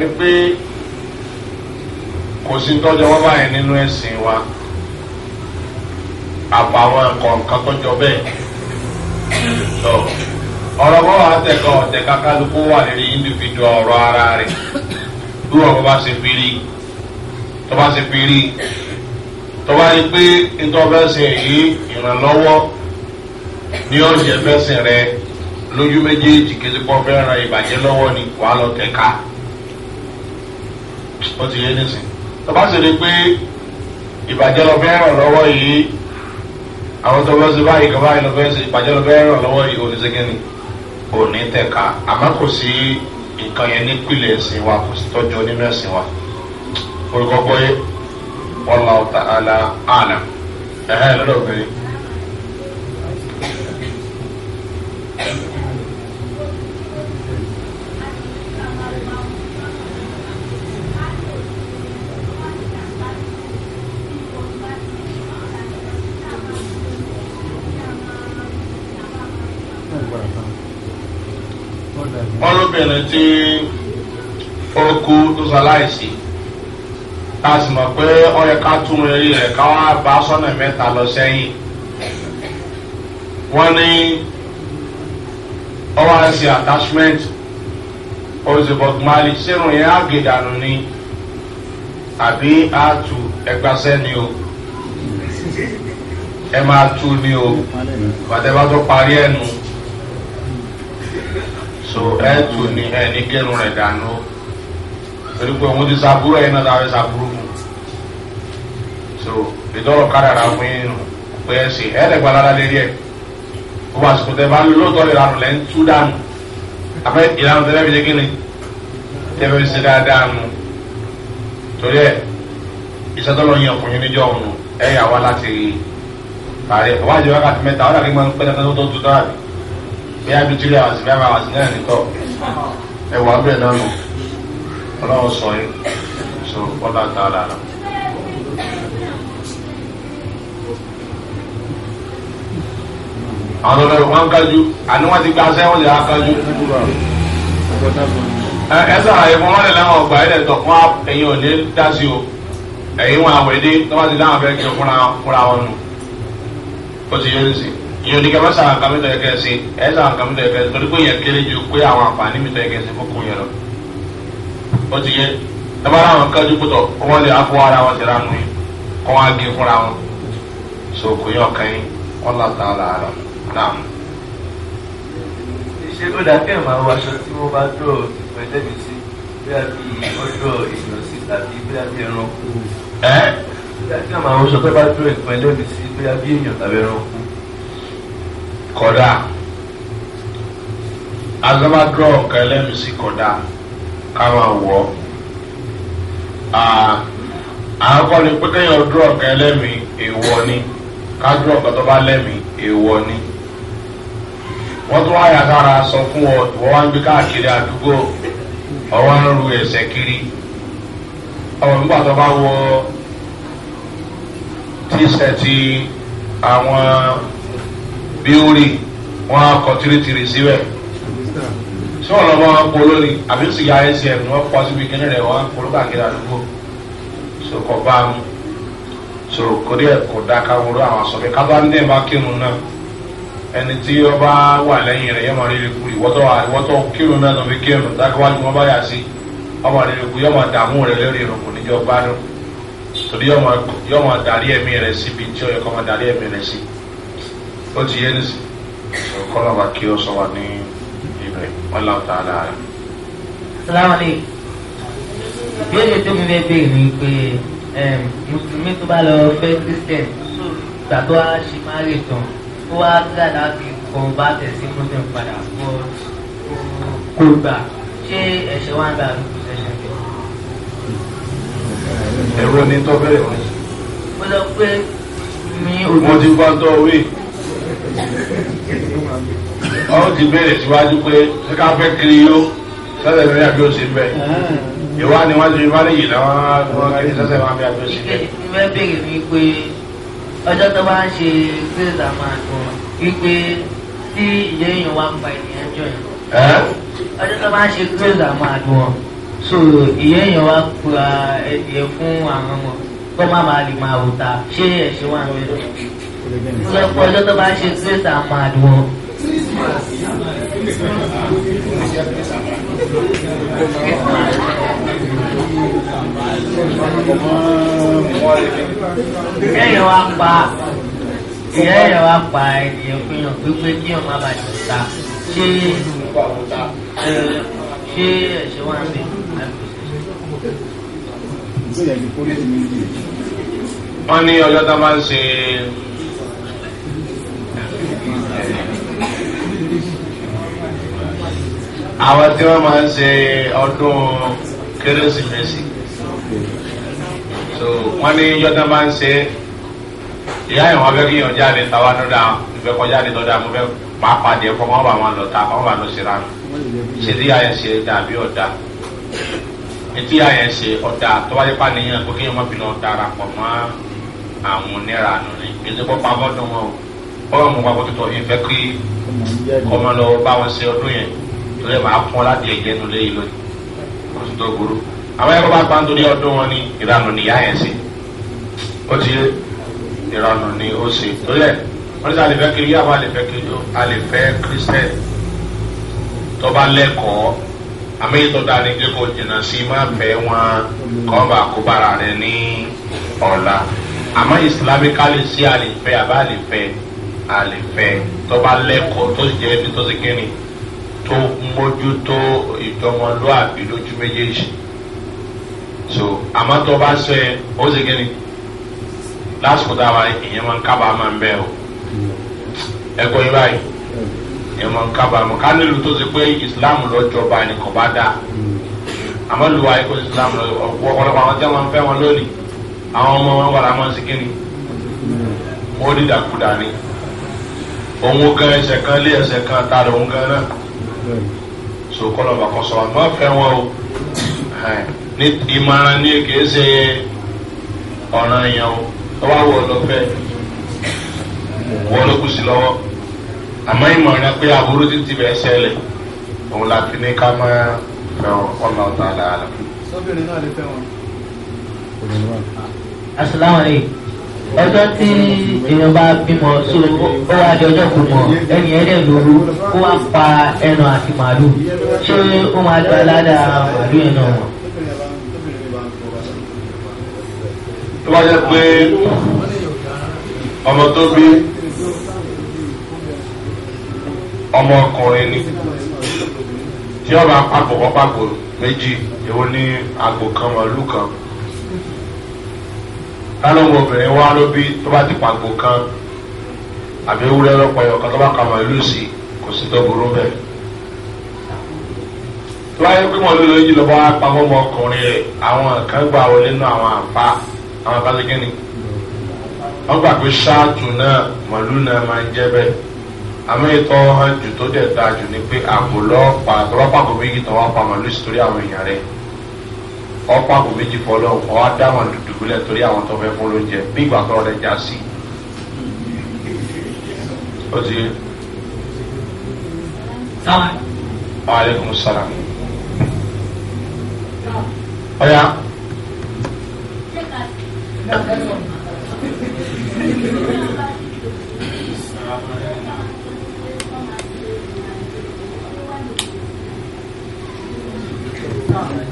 ni pé kò sí tọ́jọ́ wọn báyìí nínú ẹ̀sìn wa àbàwọn kọ̀ọ̀kan tọ́jọ́ bẹ́ẹ̀ tó ọ̀rọ̀ bọ́ wa tẹ̀kọ̀ ọ̀tẹ̀ka kálukú wà lórí individu ọ̀rọ̀ ara rẹ̀ bí wọ́n bá ṣe fi rí tó bá ṣe fi rí tó bá rí pé ìtọ́fẹ́sẹ̀ yìí ìrànlọ́wọ́ ní ọ̀sẹ̀ fẹ́sẹ̀ rẹ̀ lójú méjèèjì kejì fẹ́ràn ìbàjẹ́ lọ́wọ́ ni wàá lọ tẹ̀ka ó ti yé nísìnyí tọ́ba sì rí pé ìbàjẹ́ lọ fẹ́ ràn lọ́wọ́ yìí àwọn tó bá ṣe báyìí kan báyìí lọ fẹ́ ṣe ìbàjẹ́ lọ fẹ́ ràn lọ́wọ́ yìí oníṣẹ́gẹ́ni òní tẹ̀ka àmọ́ kò sí nǹkan yẹn nípìnlẹ̀ ẹ̀sìn wa kò sí tọ́jú nínú ẹ̀sìn wa orúkọ gbọ́yé wọ́n lọ́ọ́ ta àlà ẹ̀hẹ́ lọ́dọ̀ obìnrin. arábìnrin tí ó kú tó ṣaláìsí a sì mọ̀ pé ó yẹ ká tún eré rẹ̀ ká wá bá sọ́nà mẹ́ta lọ sẹ́yìn wọ́n ní ó wá ń ṣe attachment ó sì bọ̀ gbọ́nmalì sírun yẹn àgèdànù ni àbí àtù ẹgbàsẹ́ ni o ẹ máa tu ni o pàtẹ́ parí ẹ̀ nù so ẹ tu ni ẹ ní kírun rẹ dànù torí pé òun ti sàbúrò ẹ̀yin náà láwọn sàbúrò mu so ìdọ́rọ̀ kádàrà fún yín nù pé ẹ sì ẹ lẹ́gbàá lára lérí ẹ̀ ó bá sùkùn tẹ bá ń lóòótọ́ ìlànà lẹ́ ń tú dànù àbẹ ìlànà tẹ́lẹ̀ fi ṣe kí ni tẹ́lẹ̀ fi ṣe dáadáa nù torí ẹ ìṣẹ́tọ́lọ́ yẹn ọkùnrin níjọ́ ọ̀nù ẹ yà wá láti parí ọwọ́ àjẹwákàtí mẹ́ta ọ̀dà kí n máa ń pẹ́ dáadáa tó tó tó dára bíi bí a bí three hours five hours náà ní tọ́ ẹwà bẹ́ẹ̀ náà nù so ọlá tá a lára. àwọn ọlọ́run wọn kájú àní ti gbàṣẹ wọn lè kájú. ẹ ẹ wọn lè láwọn ọgbà ilẹ̀ tọ̀ fún ẹ̀yin ò ní o ẹ̀yin wọn àwẹ̀dé tọ́wọ́ ti láwọn fẹ́ kí o fúnra wọn nù ó ti yẹ ní sìn. ìyẹn oníkẹ́ kama sàwọn nǹkan mẹ́tọ̀ ẹ̀kẹ́ sí ẹ̀ sàwọn nǹkan mẹ́tọ̀ ẹ̀kẹ́ sí torí pé yẹn kéré ju pé àwọn àǹfààní mẹ́tọ̀ ẹ̀kẹ́ sí fún yẹn o ó ti yẹ tọ́ba láwọn kájú afọ ara wọn síra nù yìí kọ́ wọn á gé wọn. so kò yẹ ọ̀kan yín wọ́n là tà là rà náà. ṣé wọ tí bá sí bí sí tàbí bí kọ́dà agbábádọ́ ọ̀kan ẹlẹ́nu sí kọ́dà ká máa wọ̀ ọ́ àkọ́kọ́ ni pé kéèyàn dúró ọ̀kan ẹlẹ́mìí èèwọ̀ ni ká dúró ọ̀kan tó bá lẹ́mìí èèwọ̀ ni wọ́n tún wáyà sára sọ fún ọ ìwọ́n wá ń gbé káàkiri àdúgbò ọwọ́ ń ru ẹ̀sẹ̀ kiri ọmọ nígbà tó bá wọ tíṣẹ̀tì àwọn. bíórì wọn akọ tìrìtìrì síbẹ̀ tí wọn lọ bá wọn polo ni àbí wọn wọn àdúgbò bá a mú sọrọ kò dé wúlò àwọn ẹni tí wà rí rí kúrì wọ́tọ̀ kírun wọn bá yà sí ọmọ rẹ lóko yọmọ dààmú rẹ lórí ìrùkù níjọba náà torí yọmọ darí ẹmí rẹ ó ti yẹ nísì kọ́lá wa kí ó sọ wa ní ibẹ̀ wọn làwọn tá a dà rẹ. sàlámàlì ìbéèrè tó mi fẹ́ béèrè ni pé mùsùlùmí tó bá lọ fẹ́ christian gbà tó a ṣe máa rè tán ó wá dáadáa fi kàn bá tẹ̀sí christian padà fọ́ kó gbà ṣé ẹ̀ṣẹ̀ wá ń gbà lóko ẹ̀rọ ni tọ́ bẹ́ẹ̀ wọ́n. mo sọ pé mi ò. wọ́n ti bá tọ́ wí ọ̀hún ti béèrè síwájú pé ṣé ká fẹ́ kiri yó sọ́dọ̀ ìrìn àbí ó sì ń bẹ̀. Ah. ìwà ni wọ́n ti fi fáríyì làwọn wọn kiri sọ́sẹ̀ wọn àbí àbí ó sì bẹ̀. ìfẹ́ mi pé ọjọ́ tó bá ń ṣe gbèsè àmọ́ àgbọ̀ wípé tí ìyẹn yìí wá ń ba ènìyàn jọ yìí. ọjọ́ tó bá ń ṣe gbèsè àmọ́ àgbọ̀ so ìyẹn yìí wá pa ẹ̀dìyẹ fún àwọn ọmọ kó má bàa lè máa wò ta ṣé ẹ̀ṣẹ̀ wà ń bẹ̀rẹ̀ lọ́pọ̀ ọjọ́ tó bá ń ṣe tí ètò àpàdùn. kẹ́yìn wá pa kẹ́yìn wá pa ènìyàn fihàn pípé kí ọmọ abàjẹ́ ta ṣé ṣé ẹ̀ṣẹ̀ wá ń bẹ̀ wọ́n ní ọjọ́ tó bá ń ṣe àwọn tí wọ́n máa ń ṣe ọdún so wọ́n ní yọ́dá máa ń ṣe ìyá ìwọ̀n fẹ́ kí yàn jáde táwa tó dáa ìfẹ́ kọjá ní tó dáa mo fẹ́ pàápàá díẹ̀ kọ́ wọ́n bá wọn lọ ta wọ́n bá lọ sí ránù ṣe tí àyẹ̀ ṣe dàbí ọ̀dà etí àyẹ̀ ṣe ọ̀dà tó wáyé pa nìyẹn kó kí yàn má fi lọ darapọ̀ mọ́ àwọn onírà nù ní ètò ìpọ́pá bọ́dún wọn o ọ̀rọ̀ mọ̀ pàpọ̀ tó tọ̀ ìfẹ́ torí ẹ̀ máa pọ́n láti ẹ̀jẹ̀ nu lé ìlú kò sí tó burú àwọn ẹ̀rọ bá pàǹtó ní ọdún wọn ní ìranù ní ìyá yẹn sí ó ti yé ìranù ní ó sì torí ẹ̀ wọ́n ti àlefẹ́ kiri yàwó àlefẹ́ kiri yó àlefẹ́ kristẹn tọ́ba lẹ́kọ̀ọ́ àmì ìtọ́ta ni pé kò jìnnà sí máa fẹ́ wọn kọ́ bá kó bára rẹ ní ọ̀la àmọ́ islamically sí àlefẹ́ àbá àlefẹ́ àlefẹ́ tọ́ba lẹ́kọ̀ọ́ tó sì jẹ́ ibi tó ti kéré tó ń mójútó ìdọmọlúàbí lójú méjèèjì so àmọ́ tó bá sọ yẹn ó sì kí ni lásìkò tá a wà ìyẹn máa ń kábàámọ̀ ń o ẹ̀kọ́ yín báyìí ìyẹn máa ń kábàámọ̀ ká nílùú tó ti pé ìsìláàmù lọ́jọba nìkan bá dáa àmọ́ lùwà ikú ìsìláàmù lọ́jọ́ ọ̀pọ̀lọpọ̀ àwọn tí wọ́n fẹ́ wọn lónìí àwọn ọmọ wọn wà láwọn sí kíni wọ́n ni òun kan ẹsẹ̀ kan lé ẹsẹ̀ kan tààrà òun kan náà so kọ́lọ̀ bá kọ́ sọ̀rọ̀ àmọ́ fẹ́ wọn o ní ìmọ̀ràn ní kìí ṣe ọ̀ràn yẹn o tọ́wá wọ̀ lọ fẹ́ wọ́n ló kù sí lọ́wọ́ àmọ́ ìmọ̀ràn pé àbúrò ti ti bẹ́ẹ̀ ṣẹlẹ̀ òun la fi ní ká máa fẹ́ wọn kọ́lọ̀ ọ̀tá àlàálà. sọ́bìnrin náà lè fẹ́ wọn. asalaamualeykum ọjọ́ tí èèyàn bá bímọ so ó wá di ọjọ́ gbọmọ ẹni ẹ̀dẹ̀ lóru ó wá pa ẹnu àti màálù ṣé ó máa gba ládàá màálù yẹn náà wọ̀. tó bá jẹ́ pé ọmọ tó bí ọmọ ọkùnrin ni tí ọba àpapọ̀ pápákọ̀ méjì èwo ní agbo kan màálù kan lálọ́wọ́ obìnrin wa ló bí tó bá ti pàgò kan àbí ewúrẹ́ lọ́pọ̀ ẹ̀yọ̀ kan tó bá ka mọ̀ ìlú sí kò sí tó burú bẹ́ẹ̀. tó bá yẹ pé wọn lóyún yìí lọ́wọ́ apamọ́ ọmọ ọkùnrin ẹ̀ àwọn kan gbà wọlé nínú àwọn àpá àwọn abáṣe kínní. wọ́n gbà pé ṣáàtù náà mọ̀lú náà máa ń jẹ́ bẹ́ẹ̀. àmọ́ ìtọ́ hàn jù tó dẹ̀ dáa jù ni pé àpò lọ́ọ̀pá tó bá méjì tó pa mọ̀lú sí torí àwọn èèyàn rẹ̀ ọ̀pọ̀ àpò méjì fọlọ́ ọ̀ á dáwọn dùdùkúlẹ̀ torí àwọn tó fẹ́ fún lóúnjẹ bí ìgbà tọrọ rẹ̀ já sí. ó ti yé. aleykum salaam. ọ̀ya. Thank you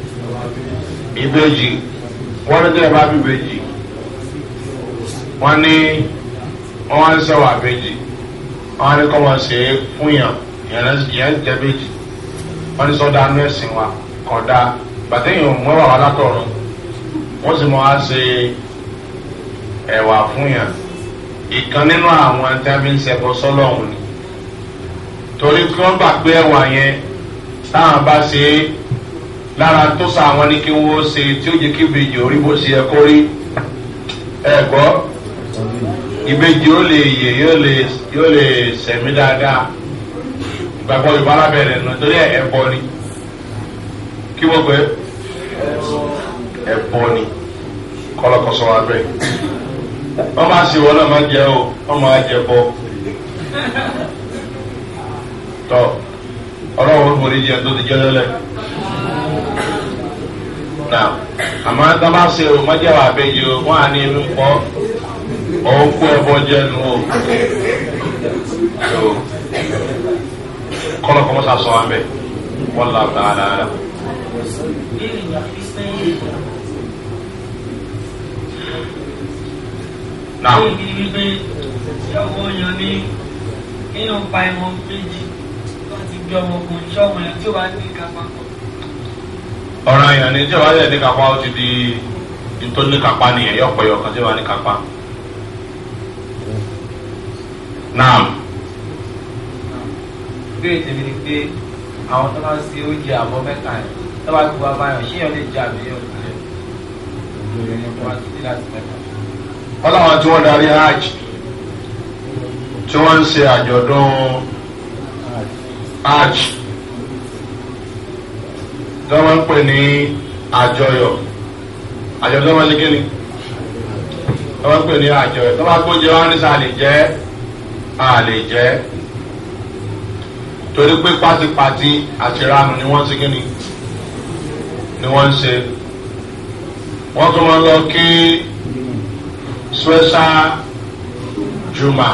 ìbejì wọ́n ní tẹ́lẹ̀ bá bí ìbejì wọ́n ní wọ́n wá ń sẹ́wà ìbejì wọ́n ní kọ́ wọ́n ṣe é fún yàn yẹn ń jẹ ìbejì wọ́n ní sọ́dá inú ẹ̀sìn wa kọ̀dá bàtẹ́yìn òun mọ́wà wà látọ̀run wọ́n sì mọ́ wá ṣe ẹ̀wà fún yàn ìkan nínú àwọn tí a fi ń ṣẹ̀kọ́ sọ́lọ̀ ọ̀hún ni torí kí wọ́n gbà ẹ̀wà yẹn táwọn bá ṣe é lára tó sa àwọn ní kí wọ́n ṣe tí ó jẹ́ kí ìbejì orí bó ṣe yẹ kó rí ẹ̀gbọ́ ìbejì ó lè yè yóò lè sẹ̀mí dáadáa ìgbàgbọ́ ìbára bẹ̀rẹ̀ nù torí ẹ̀bọ ni kí wọ́n pẹ́ ẹ̀bọ ni kọlọkọsọ wa bẹ́ẹ̀ wọ́n máa ṣe wọ́n máa jẹ o wọ́n máa jẹ bọ́ tọ́ ọlọ́run ó forí jẹ tó ti jẹ́ lẹ́lẹ́ àmọ́ tó bá ṣe o mọ́jẹ́wà àbẹ́jì o wọ́n á ní inú kọ́ òun kú ẹbọ jẹnu o kọ́lọ̀ kọ́ mọ́sá sọ wọn bẹ̀ wọ́n là ọ̀tá àdáadáa. náà. ó ní wípé ṣọ́ọ̀bù ọyàn ní kéèyàn pa ẹ̀wọ̀n méjì láti gbé ọmọkùnrin ṣọ́ọ̀bù yẹn tí ó bá ní ìka papọ̀ ọ̀ràn èèyàn ní ìjọba yẹn ní kápá ó ti di nítorí ní kápá nìyẹn yọ pẹ̀yọ kan tí wọ́n ní kápá. naam. ìbéèrè tèmi ni pé àwọn tó máa ń se oúnjẹ àbọ̀ mẹ́ta yẹn tó bá ti wá báyọ̀ ṣé èèyàn lè jẹ àbí èèyàn lè jẹ òjò yẹn kó wá títí láti mẹ́ta. ọlọ́wọ́n tí wọ́n darí hajj tí wọ́n ń ṣe àjọ̀dún hajj tí wọ́n máa ń pè ní àjọyọ̀ àjọyọ̀ tó máa ń lé kíni wọ́n máa ń pè ní àjọyọ̀ tó máa kó jẹ wọ́n ní sá lè jẹ́ a jẹ́ torí pé pátipáti àti ranu ni wọ́n ti kíni ni wọ́n ń ṣe wọ́n tún máa ń lọ kí special juma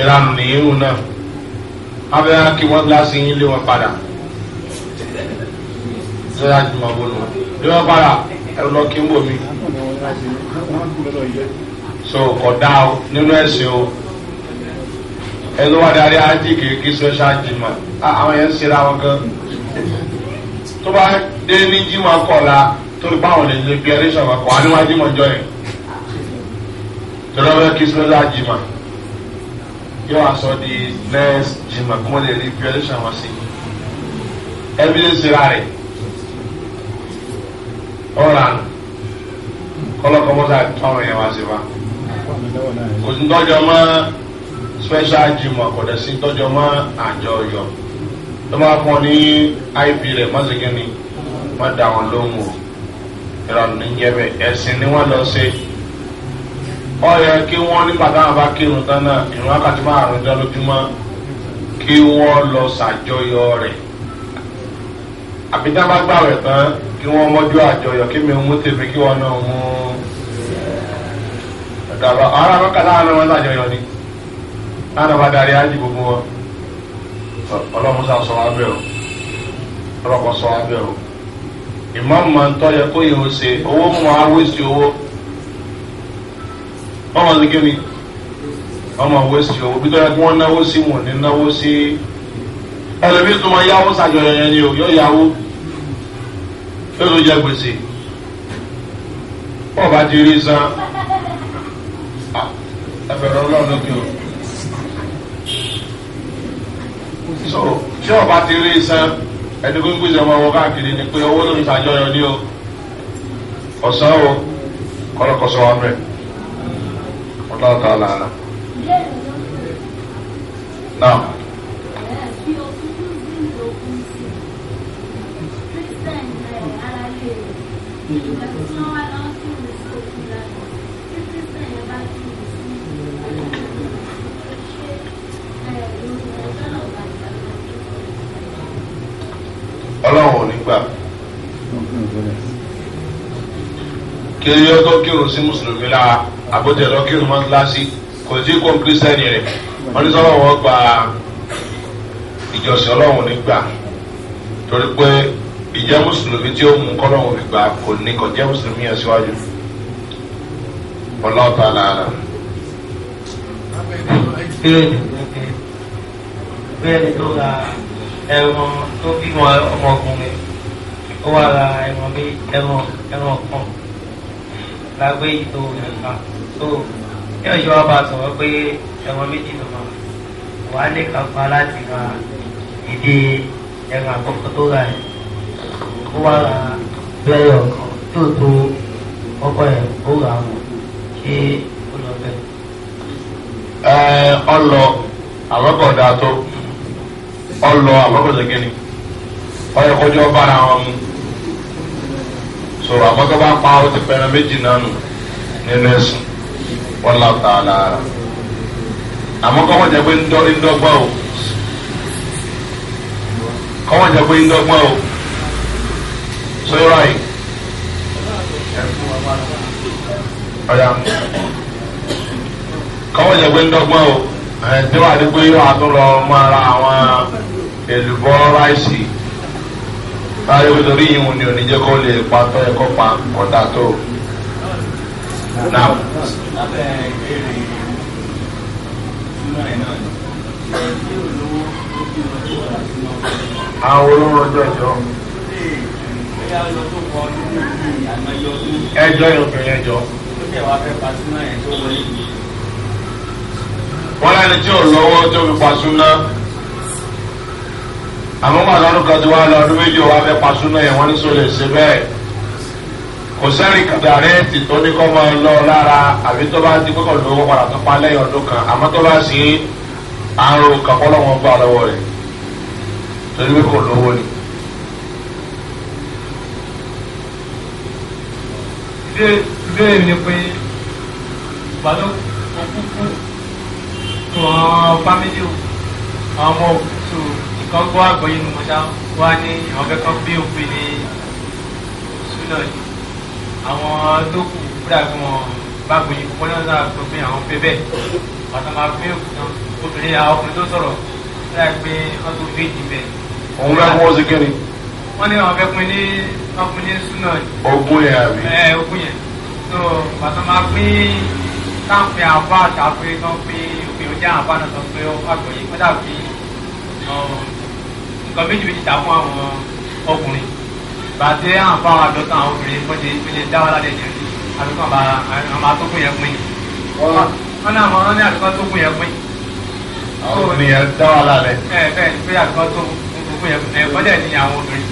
ìranu nìyí hù náà abẹ́rẹ́ kí wọ́n gíláàsì yín lé wọn padà sọ́yà ti máa bọ̀ lọ́wọ́ bí wọ́n para ẹ̀rọ lọ kí n bò mí. so ọ̀dà o nínú ẹ̀sìn o ẹni wà dárí ájì kìkì sọ́ṣà jìmọ̀ àwọn yẹn ń ṣe ra wọn gan. tó bá dé ní jìmọ̀ kọ̀ọ̀la tó bá wọn lè lè declaration kan kọ̀ á níwájú jìmọ̀ jọ yẹn tó lọ́wọ́ kí sọ́ṣà jìmọ̀ yóò wá sọ di next jìmọ̀ kí wọ́n lè rí declaration wọn sí evidence rárẹ̀. ọ̀rà kọ́lọ́kọ́ mọ́sá tọ́rọ̀ yẹn wá sí special gym ọ̀kọ̀dẹ̀ sí tọ́jọ́ mọ́ àjọyọ̀ tó máa fún ní ip rẹ̀ mọ́sẹ̀kẹ́ ni má da wọn lóhùn o ìrọ̀lù ẹ̀sìn ni wọ́n lọ sí ọ̀yẹ kí ìrún a kí wọ́n mọ́jú àjọyọ̀ kí mi mú tèmi kí wọ́n náà mú ọ̀dàbà ara kọ́kà láàrin wọn lájọyọ̀ ni láàrin bá darí ájì gbogbo wọn ọlọ́run sá sọ abẹ́ o ọlọ́kọ̀ sọ abẹ́ o ìmọ̀ọ́mù máa ń tọ́yẹ kó yẹ o ṣe owó mú wa wéṣì owó wọ́n máa ń kí ni wọ́n máa wéṣì owó bí tọ́yẹ kí wọ́n náwó sí wọn ní náwó sí ẹlòmíì tó máa yáwó sàjọyọ̀ yẹn ni o yóò yáwó yóò tó jẹ gbèsè ọba ti rí san ẹfẹ̀rẹ̀ ọlọ́run lókè o so tí ọba ti rí san ẹni pé gbèsè ọmọ wọn káàkiri ni pé owó ló ń sàjọyọ ní o ọ̀sán o kọ́lọ́kọ́sọ́ wọn rẹ̀ ọlọ́ọ̀tà ọ̀làlà náà. ọlọ́run ò ní gbà kiri ọtọ kírun sí mùsùlùmí la àbójẹ lọ kírun mọ kíláàsì kò tí kò ń kírísítẹ́nì rẹ wọn ní sọ́wọ́ wọn gba ìjọsìn ọlọ́run ò torí pé ìjẹ́ mùsùlùmí tí ó mú kọ́lọ́hún fi gbà kò ní kò jẹ́ mùsùlùmí yẹn síwájú ọlọ́ọ̀tà làárà. bẹ́ẹ̀ni tó ra ẹran tó bímọ ọmọkùnrin ó wà ra ẹran bí ẹran ẹran kan lágbé ìtò ẹ̀ka tó yóò yọ ọba sọ̀rọ̀ pé ẹran méjì lọ́mọ wàá ní kápá láti ra ìdí ẹran àkọ́kọ́ tó ra ẹ̀ ó wá ra bẹ́ẹ̀ ọkàn tó tó ọkọ ẹ̀ ó rà á wò ṣé ó lọ bẹ́ẹ̀. ẹ ọlọ àwọkọdà tó ọlọ àwọkọdà gẹni ọyọ kọjú ọbára wọn mu sọrọ àmọkọ bá pa ó ti pẹrẹ méjì náà nù nínú ẹsùn wọn là tà lára àmọkọ wọn jẹ pé ń dọgbọn o kọ wọn pé ń dọgbọn o so yọrọ yìí ọ̀yà kọ́wọ́ jẹ́ pé ń dọ́gbọ́n o ẹ̀ẹ́dẹ́wà ni pé yóò àtúnlọ máa ni oníjẹ́ kó lè pa tọ́ ẹ̀kọ́ pa kọ́dà tó náà. lábẹ́ ìbéèrè ìmọ̀ ìjọ ẹjọ́ ìrọ̀bìnrin ẹjọ́. wọ́n lẹ́ni tí ò lọ́wọ́ tó fi pa súná àmọ́ wà lọ́dún kan tí wọ́n á lọ ọdún méjì wọ́n á fẹ́ pa súná yẹn wọ́n ní sọ lè ṣe bẹ́ẹ̀ kò sẹ́rìn dàrẹ́ẹ̀tì tó ní kọ́ máa lọ lára àbí tó bá ti kọ́kọ́ lówó padà tó pa lẹ́yìn ọdún kan àmọ́ tó bá sí àrùn kàkọ́ bá lọ́wọ́ rẹ̀ torí pé kò lówó ni. ìbéèrè mi ni pé ìbálò òkúkú àwọn fámílì ọmọ òkútù nǹkan gbọ́ àgbọ̀yé ni mo ṣá wá ní àwọn kẹ́kọ̀ọ́ bí òfin ní súnà yìí àwọn tó kù kúrò àgbọn wọn bá gbòyìn kúkú náà sáà pé pé àwọn fẹ́ bẹ́ẹ̀ pàtó máa gbé òkú náà obìnrin àwọn ọkùnrin tó sọ̀rọ̀ kúrò àgbẹ̀ wọn tó fèèjì bẹ́ẹ̀. òun lẹ́kọ̀ọ́ sí kẹ́rin wọ́n ní ọ̀fẹ́ pin ní ọkùn ní súnà yìí. ogún yẹn àbí. ẹ ogún yẹn so bàtà máa pín káàpin àbá àtàpé kan pín òkè òjá àbá náà sọ pé ọgbàgbọ́ yìí kọ́dà fi nǹkan méjì méjì ta fún àwọn ọkùnrin bàtà àbá àdọ́tàn àwọn obìnrin kọ́ ṣe ìpínlẹ̀ dáwà lálẹ́ yẹn àdúgbò àwọn àtọ́kùn yẹn pín. wọ́n náà wọ́n ní àdúgbò tó kún yẹn pín. àwọn obìnrin yẹn dáwà lálẹ́. ẹ bẹ́ẹ̀ ni pé àdúgbò ni àwọn obìnrin.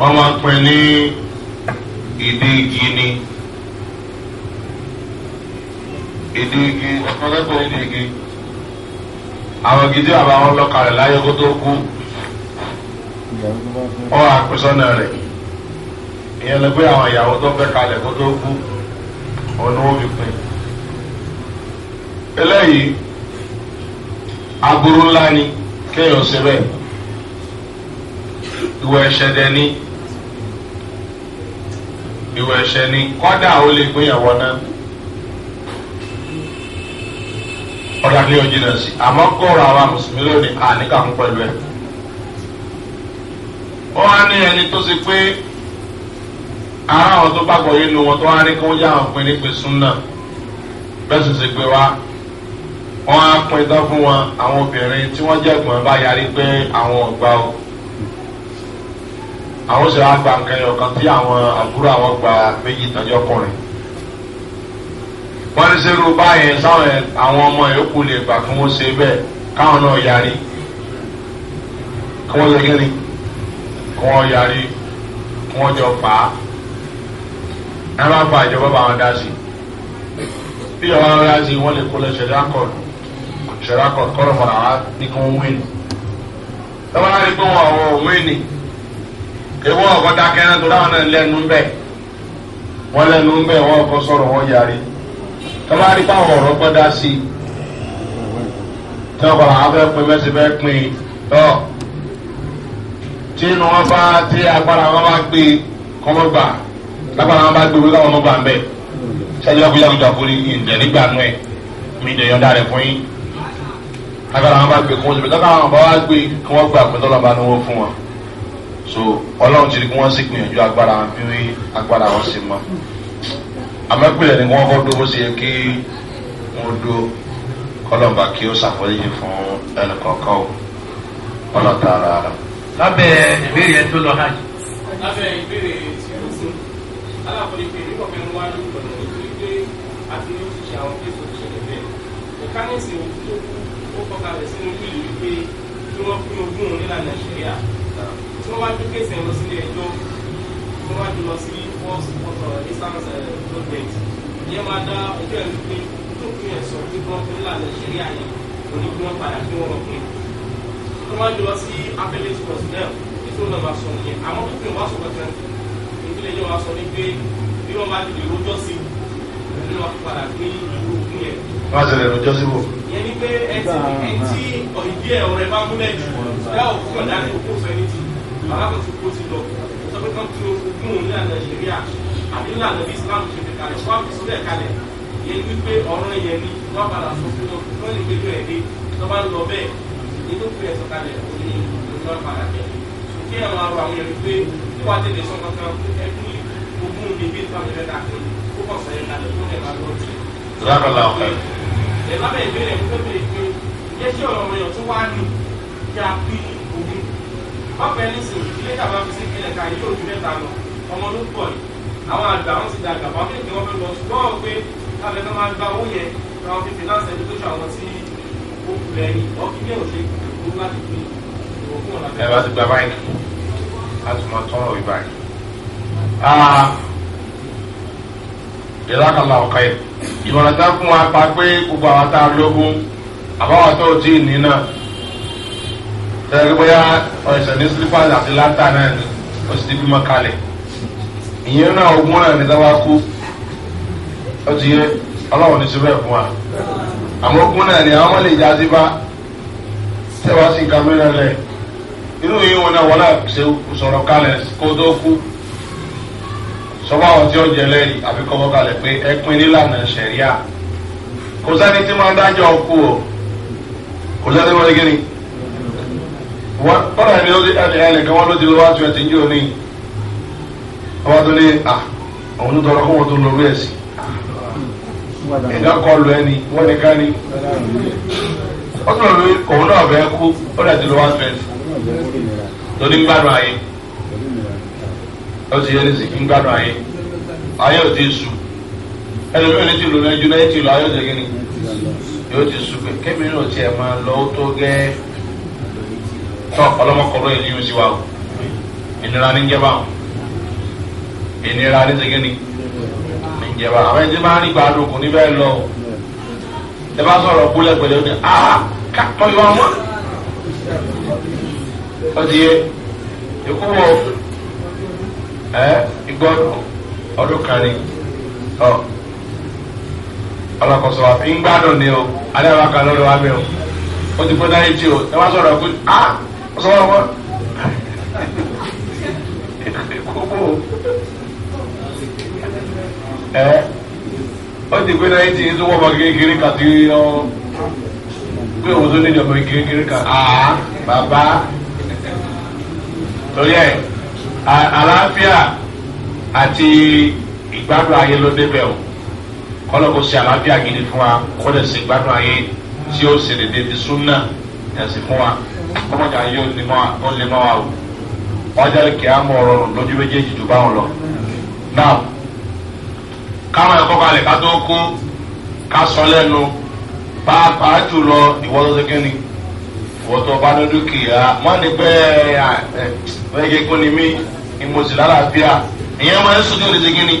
wọ́n máa ń pè ní èdè igi ni èdè igi ọ̀pọ̀lọpọ̀ èdè igi àwọn gidi àbáwọn lọ́kàrẹ̀ láyé kó tó kú ọ àpèsọ́nà rẹ̀ ìyẹn lọ pé àwọn ìyàwó tó fẹ́ kalẹ̀ kó tó kú ọ̀nà òbí pin eléyìí aburú ńlá ni kéèyàn ṣe bẹ́ẹ̀ ìwọ ẹ̀ṣẹ̀ dẹ́ni ìwà ẹ̀ṣẹ̀ ni kọ́dà ó lè pín ìyàwó náà ọ̀dà ní ojú náà sí àmọ́ kọ́ọ̀rọ̀ àwa mùsùlùmí lónìí àníkàkún pẹ̀lú ẹ̀ ó wá ní ẹni tó ṣe pé ara àwọn tó bá gbọ́yé nu wọn tó wá ní kó yá àwọn pin nípe súnà bẹ́ẹ̀ sì ṣe pé wá wọ́n á pin tán fún wọn àwọn obìnrin tí wọ́n jẹ́ ẹ̀gbọ́n bá yarí pé àwọn ọ̀gbà o àwọn sì ra gba nǹkan yẹn ọ̀kan tí àwọn àbúrò àwọn gba méjì ìtọ́jú ọkùnrin wọ́n ní sẹ́rù báyẹn sáwọn àwọn ọmọ yòókù lè gbà kí wọ́n ṣe bẹ́ẹ̀ káwọn náà yarí kí wọ́n lè kíni kí wọ́n yarí kí wọ́n jọ fà á ẹ má gba ìjọba bá wọn dá sí bí ìjọba wọn dá sí wọ́n lè kó lọ ṣẹ̀dá kọ̀ọ̀dù ṣẹ̀dá kọ̀ọ̀dù wá ní kí wọ́n wí ni lọ́wọ́n á rí pé wọn àwọn wí ni èwo ọkọ dákẹ́rẹ́ tó dáhùn náà lẹ́nu bẹ́ẹ̀ wọ́n lẹ́nu bẹ́ẹ̀ wọ́n ọkọ sọ̀rọ̀ wọ́n yarí tọ́lá rí pàwọ̀ ọ̀rọ̀ gbọ́dá sí i tọ́kọ̀ làwọn fẹ́ pin mẹ́sì fẹ́ pin tọ́ tí inú wọn bá tí agbára wọn bá gbé kọ́mọ́gbà lágbára wọn bá gbé wíwá wọn bá ń sẹ́yìn bá kú yàgùjà fún yín ǹjẹ́ nígbà nù ẹ̀ mi dẹ̀ yọ̀ǹda rẹ̀ fún yín lágbára wọn bá gbé kọ́mọ́gbà lágbára wọn bá gbé kọ́mọ́gbà pẹ̀tọ́lọ́ba ni wọ́n fún wọn so ọlọ́run ti di kí wọ́n sì gbìyànjú agbára wọn bí agbára wọn sì mọ amẹ́pìlẹ̀ ni wọ́n kọ́ dúró sí yẹ kí wọ́n dúró kọ́lọ́mbà kí ó ṣàfọyín fún ẹnìkọ̀ọ̀kan o ọlọ́ta ara rẹ. lábẹ́ ìbéèrè yẹn tó lọ hajj. lábẹ́ ìbéèrè tí ó sìn alákòólé pé nígbà pé ń wá ní ìgbọ̀nà nítorí pé àti ní ìṣe àwọn kéèkó ìṣẹ̀lẹ̀ bẹ́ẹ̀ mẹkáníìsì tó kú ó kọ́ka rẹ̀ sínú wíìlì wípé kí wọ́n pín ogún òun nílànà ìṣẹ̀lẹ̀ tí wọ́n bá ti kéèsì ẹ̀ lọ sílé ẹjọ́ tí wọ́n bá ti lọ sí first quarter instance judgment ìyẹn máa dá ẹjọ́ ẹ̀ wípé tó fi ẹ̀ sọ pé wọ́n fi ń lànà ìṣeré àyè òní kí wọ́n padà kí wọ́n rọ̀ pé tí wọ́n bá ti lọ sí appellate court náà ètò náà máa sọ nìyẹn àmọ́ tó fi wọ́n sọ kankan ìdílé yẹn wá sọ ní pé bí wọ́n bá ti lè sí i ìyẹn ni pé ẹ ti ọ̀ìdí ẹ̀ ọ̀rẹ́ bá múlẹ̀ jù dáhùn fún ọ̀dà ní òkú fẹ́ẹ́ ní ti bàbá tó kó ti lọ sọ pé kán tún ogún òun náà nàìjíríà àbí ìlànà bí islam ṣe fi kalẹ̀ ṣọ́ àbùsí rẹ̀ kalẹ̀ yẹn wípé ọ̀rọ̀ yẹn ni wọ́n padà sọ fún wọn wọ́n lè gbẹ́jọ́ ẹ̀ dé tó bá lọ bẹ́ẹ̀ nínú fún ẹ̀sọ́ kalẹ̀ òní ìlú wọn padà jẹ́ kí ẹ̀ máa rọ àwọn yẹn wípé tí wàá tẹ̀lé sọ kankan ẹkún ogún ní bí ìtàn rẹ̀ dà kí ó kọ̀ sọ yẹn kalẹ̀ fún ẹ̀ máa lọ sí. lábàlá ọ̀fẹ́. ẹ̀ lábẹ́ ìbéèrè ìfẹ́ bèrè pé yẹ́sí ọ̀rọ̀ yẹn tó wá ní kí a pín ọ̀pẹ nísìn ilé tàbá fi sí ilẹ̀ ká yóò ju mẹ́ta lọ ọmọ ló pọ̀ ni àwọn àgbà wọn ti dàgbà wọn kéèké wọn fẹ́ lọ ṣùgbọ́n pé káfẹ́ ká máa gba owó yẹn káwọn fi finance ẹni tó ṣe àwọn tí ó kù lẹ́yìn ọkì bí òṣè kúrú láti pè ìwòkú wọn lábẹ́. ẹ bá ti gba báyìí láti máa tọrọ ìbá yìí. ìlàkàlà ọ̀ka yìí ìmọ̀ràn fún wa pa pé gbogbo àwọn tá a lógún àbáwọ̀ tó dì í ní náà tẹ́lẹ̀ bóyá ọ̀sẹ̀ ní slippers àti látà náà ni ó sì ti bímọ kalẹ̀ ìyẹn náà ogún náà ní dáwà kú ó ti yẹ ọlọ́wọ́n ní sọ́bẹ̀ fún wa àmọ́ ogún náà ni àwọn lè já sí bá tẹ́wàá sí nǹkan mìíràn lẹ̀ inú yìí wọn náà wọ́n náà ṣe sọ̀rọ̀ kalẹ̀ kó tó kú sọ́bà wọn tí ó jẹ lẹ́yìn àfikọ́wọ́ kalẹ̀ pé ẹ pin nílànà sẹ̀ríà kò sẹ́ni tí máa dájọ́ kú o kò sẹ́ni wọ́n lé gírin wọn kọ́ra ẹni ó ti ẹni ẹni kan wọn ló ti lọ wá tiwọn ti ń jò ní ọba tó ní à ah, àwọn tó tọrọ kó wọn tó lórí ẹsìn ìdá kọlu ẹni wọn ní ká ní ó tún lórí òun náà bẹ kú ó dà ti lọ wá tiwọn tó ní gbádùn ayé ó ti yẹ ní sìnkú gbádùn ayé ayé ò ti sùn ẹni mi ò ní ti lò ní ẹjú náà ẹ ti lọ ayé ò ti gíní yóò ti sùn pé kémi náà tiẹ̀ máa lọ tó gẹ́ẹ́ tọ ọlọmọkọrọ yìí yóò sí wa o ìnira ní jẹba o ìnira ní segin ni ní jẹba àwọn ẹni tí máa ń gba àdókò níbẹ̀ lọ o ẹ bá sọ̀rọ̀ gbólẹ́gbẹ̀lẹ́ ní a kọ́ yọ ọmọ ọ ti yẹ ikú wọ ẹ igbó ọdún kan ni ọ ọlọkọsọ wa ni o alẹ́ wa kan lọ́dọ̀ wa mi o ó ti gbọ́dọ̀ ayé tí o ẹ bá sọ̀rọ̀ pé a sọ́wọ́ wọn kókó ẹ ó ti gbé náà ti ń sọ́wọ́ ọmọ kékeré kan tí ó gbé òun tó nílò ọmọ kékeré kan àá bàbá torí ẹ àlàáfíà àti ìgbádùn ayé ló débẹ̀ o kọ́lọ́ kó ṣe àlàáfíà gidi fún wa kó lè ṣe ìgbádùn ayé tí ó ṣe dédé ti súnà ẹ̀sìn fún wa. kọ́mọ̀jà yé ó lè mọ́ ọjọ́ ìkẹ́ àmọ́ ọ̀rọ̀rùn lójú méjèèjì jù báwọn lọ. náà káwọn ẹ̀kọ́ balẹ̀ ká tó ká sọ lẹ́nu pàápàá jùlọ ìwọ́ tó ni tó bá ní ya wọ́n ní pẹ́ ni mí ní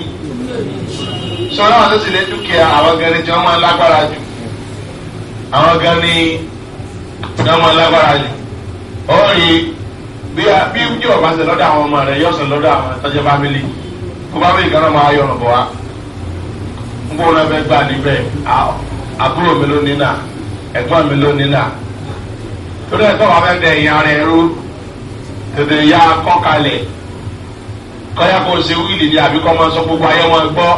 sọ tó sì lé dúkìá àwọn gan ni tí wọ́n náà wọn lágbára jù ọ̀rìn bí bí ojú ọba ṣe lọ́dọ̀ àwọn ọmọ rẹ̀ yọ̀ ṣe lọ́dọ̀ àwọn tọ́jú fámìlì kó bá wíì kánà máa yọ̀rọ̀ bọ̀ wá ń bọ́ wọn fẹ́ gbà níbẹ̀ àbúrò mi ló nínà ẹ̀gbọ́n mi ló nínà torí ẹ̀ tọ́wọ́ fẹ́ dẹ̀ ìyá rẹ̀ rú tètè ya kọ́kalẹ̀ kọ́yà kó ṣe wíìlì ni àbí kọ́ máa sọ gbogbo ayé wọn gbọ́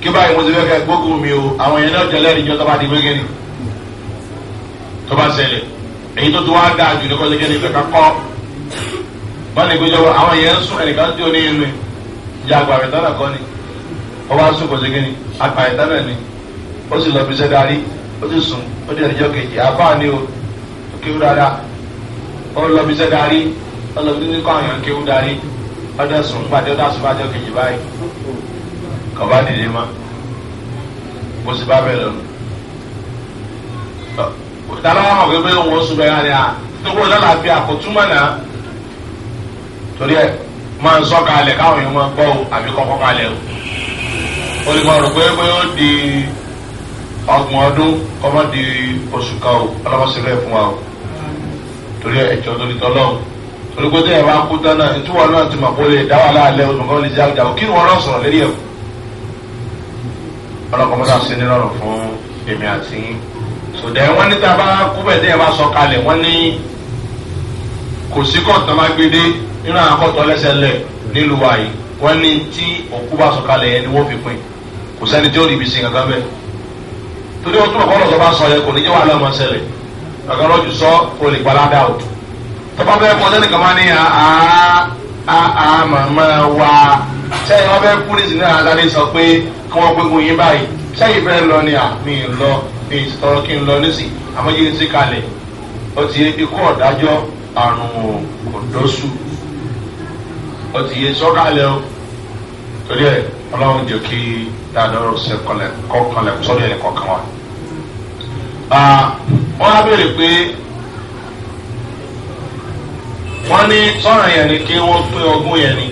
kí báyìí mo ti fẹ́ kẹ́ gbógun mi o àwọn yẹn náà jẹ́ lẹ́rìí jọ́ tọ́ bá di tọ́ba sẹlẹ̀ èyí tó ti wá dáa jù ní kọ́sẹ́kẹ́ ní ìfẹ́ká kọ́ wọ́n ní gbẹ́jọ́ àwọn yẹn ń sún ẹnìkan tí ó ní inú ìyá àgbà rẹ̀ tọ́lá kọ́ ni ọba sún kọ́sẹ́kẹ́ ni àgbà rẹ̀ tọ́lá ni ó sì lọ fi iṣẹ́ darí ó sì sùn ó di ẹ̀jọ́ kejì àbá ni o ó kéwú dáadáa ó lọ fi iṣẹ́ darí ó lọ fi kọ́ àyàn kéwú darí ọjọ́ sùn gbàdé ọjọ́ sùn gbàdé ọjọ́ kejì báyìí kọ́ dìde mọ́ mo sì bá bẹ́ẹ̀ lọ́nà tala wọn hàn wípé wọn sùn bẹ́ẹ̀ ni à tókùrọ̀ lálàáfíà kò túmọ̀ náà torí ẹ máa ń sọ kalẹ̀ káwọn yẹn máa gbọ́ o àbí kọ́kọ́ kalẹ̀ o olùkọ́ rò pé pé ó di ọgbọ̀n ọdún kọ́mọ́ di oṣù kan o ọlọ́mọsílẹ̀ fún wa o torí ẹ̀jọ́ torí tọ́lọ́hùn torí pé tẹ́yẹ̀ bá kú tán náà tí wọn náà ti mọ̀ pé ó lè dá wà láàlẹ́ olùkọ́ lè jẹ́ àjà o kí wọn náà sọ̀rọ̀ lérí ẹ̀ ọlọ́kọ́ mọ́tà sí nírọ̀rùn fún èmi àti yín sòdẹ́ wọ́n ní taba kúbẹ̀ tẹ́ ẹ bá sọ kalẹ̀ wọ́n ní kò sí kọ́ọ̀tà máa gbédé nínú àwọn akọ́tọ̀ lẹ́sẹ̀ lẹ̀ nílùú wa yìí wọ́n ní tí òkú bá sọ kalẹ̀ yẹn ni wọ́n fi pin kò sẹ́ni tí ó rí ibi sí kankan bẹ́ẹ̀ torí wọ́n túnbọ̀ kọ́ọ̀tà bá sọ yẹ kò ní jẹ́ wàhálà ọmọ sẹlẹ̀ kankan lọ́jù sọ kò lè gbalada o tọ́ba bẹ́ẹ̀ kọ́ sẹ́ni kàmá ní àá màmá wa sẹ́yìn wọ́n bẹ́ẹ̀ kúrìsì náà sáré sọ pé kí wọ́n pé kò yín báyìí sẹ́yìn bẹ́ẹ̀ lọ ni àmì lọ bí tọrọ kí n lọ nísìn àmọ́ yé ti kalẹ̀ ó ti yé ikú ọ̀dájọ́ àrùn òdòṣù ó ti yé sọ́kalẹ̀ o torí ẹ̀ ọlọ́run jẹ́ kí dáadọ́rọ̀ ṣe kọ́kànlẹ̀ sọ́dọ̀ ẹ̀ kọ̀ọ̀kan wa. wọ́n á béèrè pé wọ́n ní sọ̀rọ̀ yẹn ni kí wọ́n pín ogún yẹn ni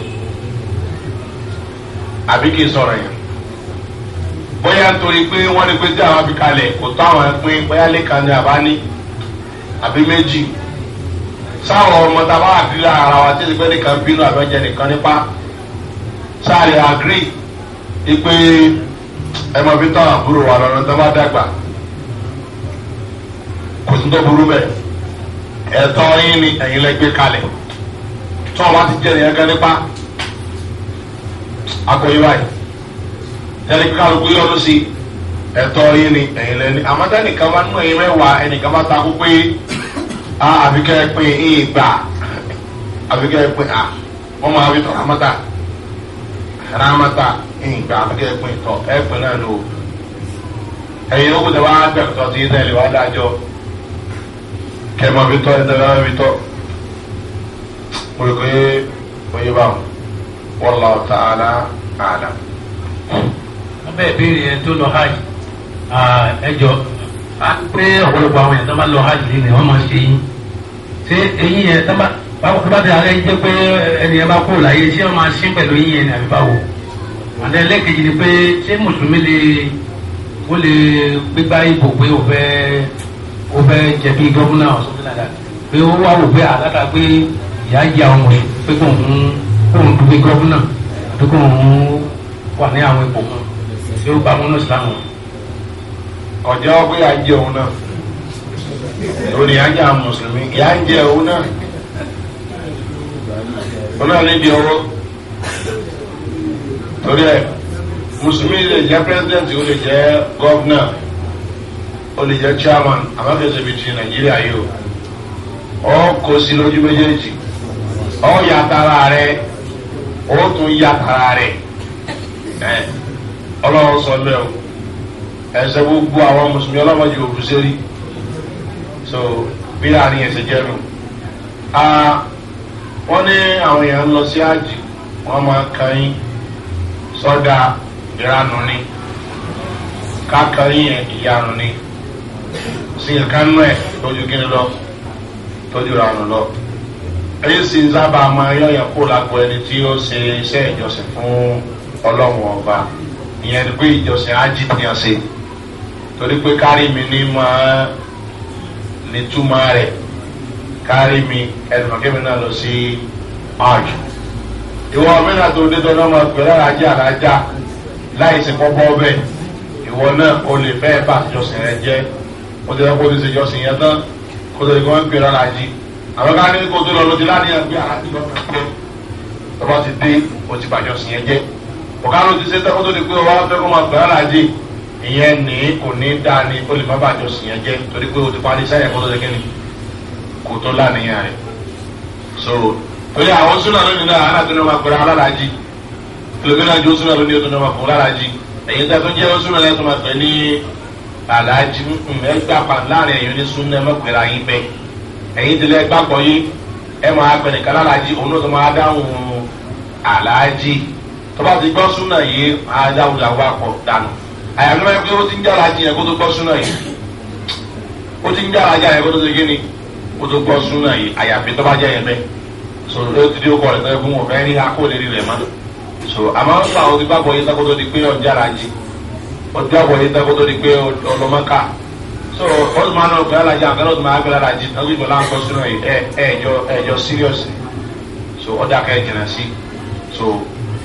àbí kí sọ̀rọ̀ yẹn bóyá nítorí pé wọ́n ní pé tí àwọn abikalẹ̀ kò tó àwọn pín bóyá lẹ́ka ni àbá ní àbí méjì sáwọn ọmọ tá a bá àgírí ara wa tí ìgbẹ́ nìkan bínú àbẹ́jẹ nìkan nípa sáàlì àgírí ipe ẹ máa fi tán àbúrò wa lọ́nà tó bá dàgbà kò sí tó burú bẹ́ẹ̀ ẹ̀tọ́ yín ni ẹ̀yin lẹ́gbẹ́ kalẹ̀ tí wọ́n bá ti jẹ́ nìyẹn kan nípa àkọ́yé báyìí ẹni kálukú yọrù sí ẹtọ́ yín ni ẹ̀yin ni àmọ́tá nìkan bá nú ẹ̀yin mẹ́wàá ẹnìkan bá takú pé a àfikẹ́ pin ìyìn gbà àfikẹ́ pin a wọ́n máa fi tọ́ àmọ́tá àmọ́tá ìyìn gbà àfikẹ́ pin tọ́ ẹ̀ pin náà lò ẹ̀yin ó kúta wá gbẹ̀kọ̀tọ̀ sí ilé ìwà dájọ́ kẹ́mọ́ fi tọ́ ẹ̀ tẹ́lẹ̀ fi tọ́ mo rò pé báwọn wọ́n tààlà àlà fẹ́ béèrè ẹni tó lọ hajj ẹjọ pé ọ̀pọ̀lọpọ̀ àwọn èèyàn tó bá lọ hajj ni wọ́n máa ṣe yín ṣé eyín yẹn tó bá tó bá ti ara jẹ́ pé ẹni yẹn bá kó láyé ṣé wọ́n máa ṣín pẹ̀lú eyín yẹn ni àbí báwo àti ẹlẹ́kejì ni pé ṣé mùsùlùmí lè ó lè gbégbá ibò pé ó fẹ́ ó fẹ́ jẹ̀bi gọ́fúnà ọ̀sán fúnà dà ní àwọn ipò kan tí ó bá múnú islam ọjọ́ pé à ń jẹ òun náà lórí à ń jẹ àwọn mùsùlùmí ìyá ń jẹ òun náà òun náà níbi ọwọ́ torí ẹ mùsùlùmí lè jẹ pírẹsidẹ́ǹtì ó lè jẹ gọ́vnà ó lè jẹ chairman àbáfẹsẹ̀ bíi ti nàìjíríà yìí o ọ kò sí lójú méjèèjì ọ yàtara rẹ ó tún yàtara rẹ ọlọ́run sọ bẹ́ẹ̀ o ẹ̀sẹ̀ gbogbo àwọn mùsùlùmí ọlọ́run yóò bú sẹ́rí so bí láàrin ẹ̀sẹ̀ jẹ́ nù. wọ́n ní àwọn èèyàn ń lọ sí àjì wọ́n máa kan yín sọ́dà ìranù ni kákan yín yẹn ìyanu ni sìnkàn kánú ẹ̀ lójú kíni lọ tọ́jú ìranù lọ èyí sì ń sábà máa yọ̀yàn kó lágbo ẹni tí ó ṣe iṣẹ́ ìjọsìn fún ọlọ́run ọba ìyẹn ni pé ìjọsìn á jí tiẹ̀ ṣe torí pé kárí mi ní máa ní túmọ̀ rẹ̀ kárí mi náà lọ sí hajj ìwọ mẹ́ta tó dé tọ́lọ́ máa pè lárajá àrájá láì sí kọ́kọ́ bẹ́ẹ̀ ìwọ náà o lè fẹ́ bá ìjọsìn rẹ jẹ́ o ti rẹ́ kó o ti ṣe ìjọsìn yẹn tán kó o ti rẹ́ kó o ń pè lárají àwọn kárí kó o tó lọ lọ ti láàrin àgbẹ̀ àrájí lọ́kàn ti dé o ti bàjọ́sìn yẹn jẹ́ ọ̀gá ló ti ṣe tẹ́kọ́ tó di pé ọba fẹ́ kó máa gbà ara dì ìyẹn ní kò ní dáa ni ó lè má bàjọ́ sì yẹn jẹ́ torí pé o ti parí sẹ́yìn kó tó ṣe kíni kò tó láníyàn rẹ̀ sọ̀rọ̀ torí àwọn súnà lónìí náà aláàtò ní ọmọ àgbẹ̀rẹ̀ alárajì kìlómítà ju súnà lónìí tó ní ọmọ àgbẹ̀rẹ̀ alárajì èyí tẹ́ tó jẹ́ súnà lẹ́yìn tó máa pẹ̀ ní aláàjì ẹgbẹ́ apá láàrin ẹ̀yìn ní súnà mẹ́kùnrin ayé bẹ́ ẹ̀yìn tẹ́lẹ̀ gbàgbọ́ yìí ẹ máa pẹ̀ nìkan alárajì òun náà tó máa dáhùn aláàjì tọ́ba ti gbọ́ súnà yìí adáwùjá wa pọ̀ dànù àyàmọ́ ẹ pé ó ti ń jára jìyàn kó tó gbọ́ súnà yìí ó ti ń jára jìyàn kó tó ṣe kíni kó tó gbọ́ súnà yìí àyàfi tọ́ba jẹ́ yẹn bẹ́ẹ̀ so ló ti di okọ̀ rẹ̀ tẹ́lẹ̀ fún wọn fẹ́ rí akóòlè rí rẹ̀ mọ́ so àmọ́ nípa àwọn ti gbàgbọ́ yìí sákòtò di pé ọ̀ jára jì ó ti gbàgbọ́ yìí sákòtò di pé ọlọ́mọ́ká so wọ́n ti máa nọ pé alájà àgbẹ̀rẹ̀ ọ̀tún máa gbẹ̀rẹ̀ alájì tàbí ìbọ̀lá ń kọ́ sínú ẹ̀ ẹ̀jọ́ seriously so ọ̀dà kẹ́ jìnnà sí so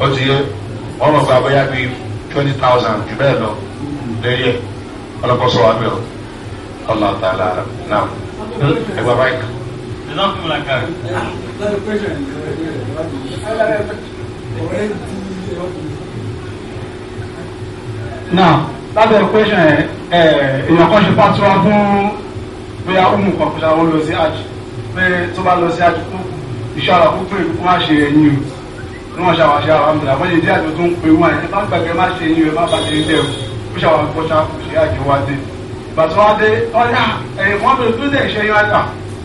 ó ti yẹ wọ́n mọ̀ pé abẹ́yà bíi twenty thousand jù bẹ́ẹ̀ lọ lórí ẹ̀ ọlọ́kọ̀ọ́sọ wa bẹ̀ ọ́ allah ta'ala naam ẹ gba báyìí. ẹ náà fún mi la kárí. náà lábẹ́ pẹ́sẹ̀ ẹ̀ èèyàn kan ṣe pàtura fún bóyá ọmọ kan kò ṣàwọn lọ sí àjù pé tó bá lọ sí àjù kó ìṣọ́ àlàkó pé kó má ṣe ẹ̀yìn o ní wọn ṣàwọn ṣe àwọn àmì àbọ̀yé díẹ̀ tó tún pe wọn ẹ̀ má gbàgbé má ṣe yín rẹ̀ má bàtẹ́ ń dẹ̀rù ó ṣàwọn akọ́ṣà ṣe àjẹ́ wa dé bàtà wa dé ọ̀yà ẹ̀yìn wọn bẹ̀rẹ̀ tó dẹ̀ ṣe yín wá tà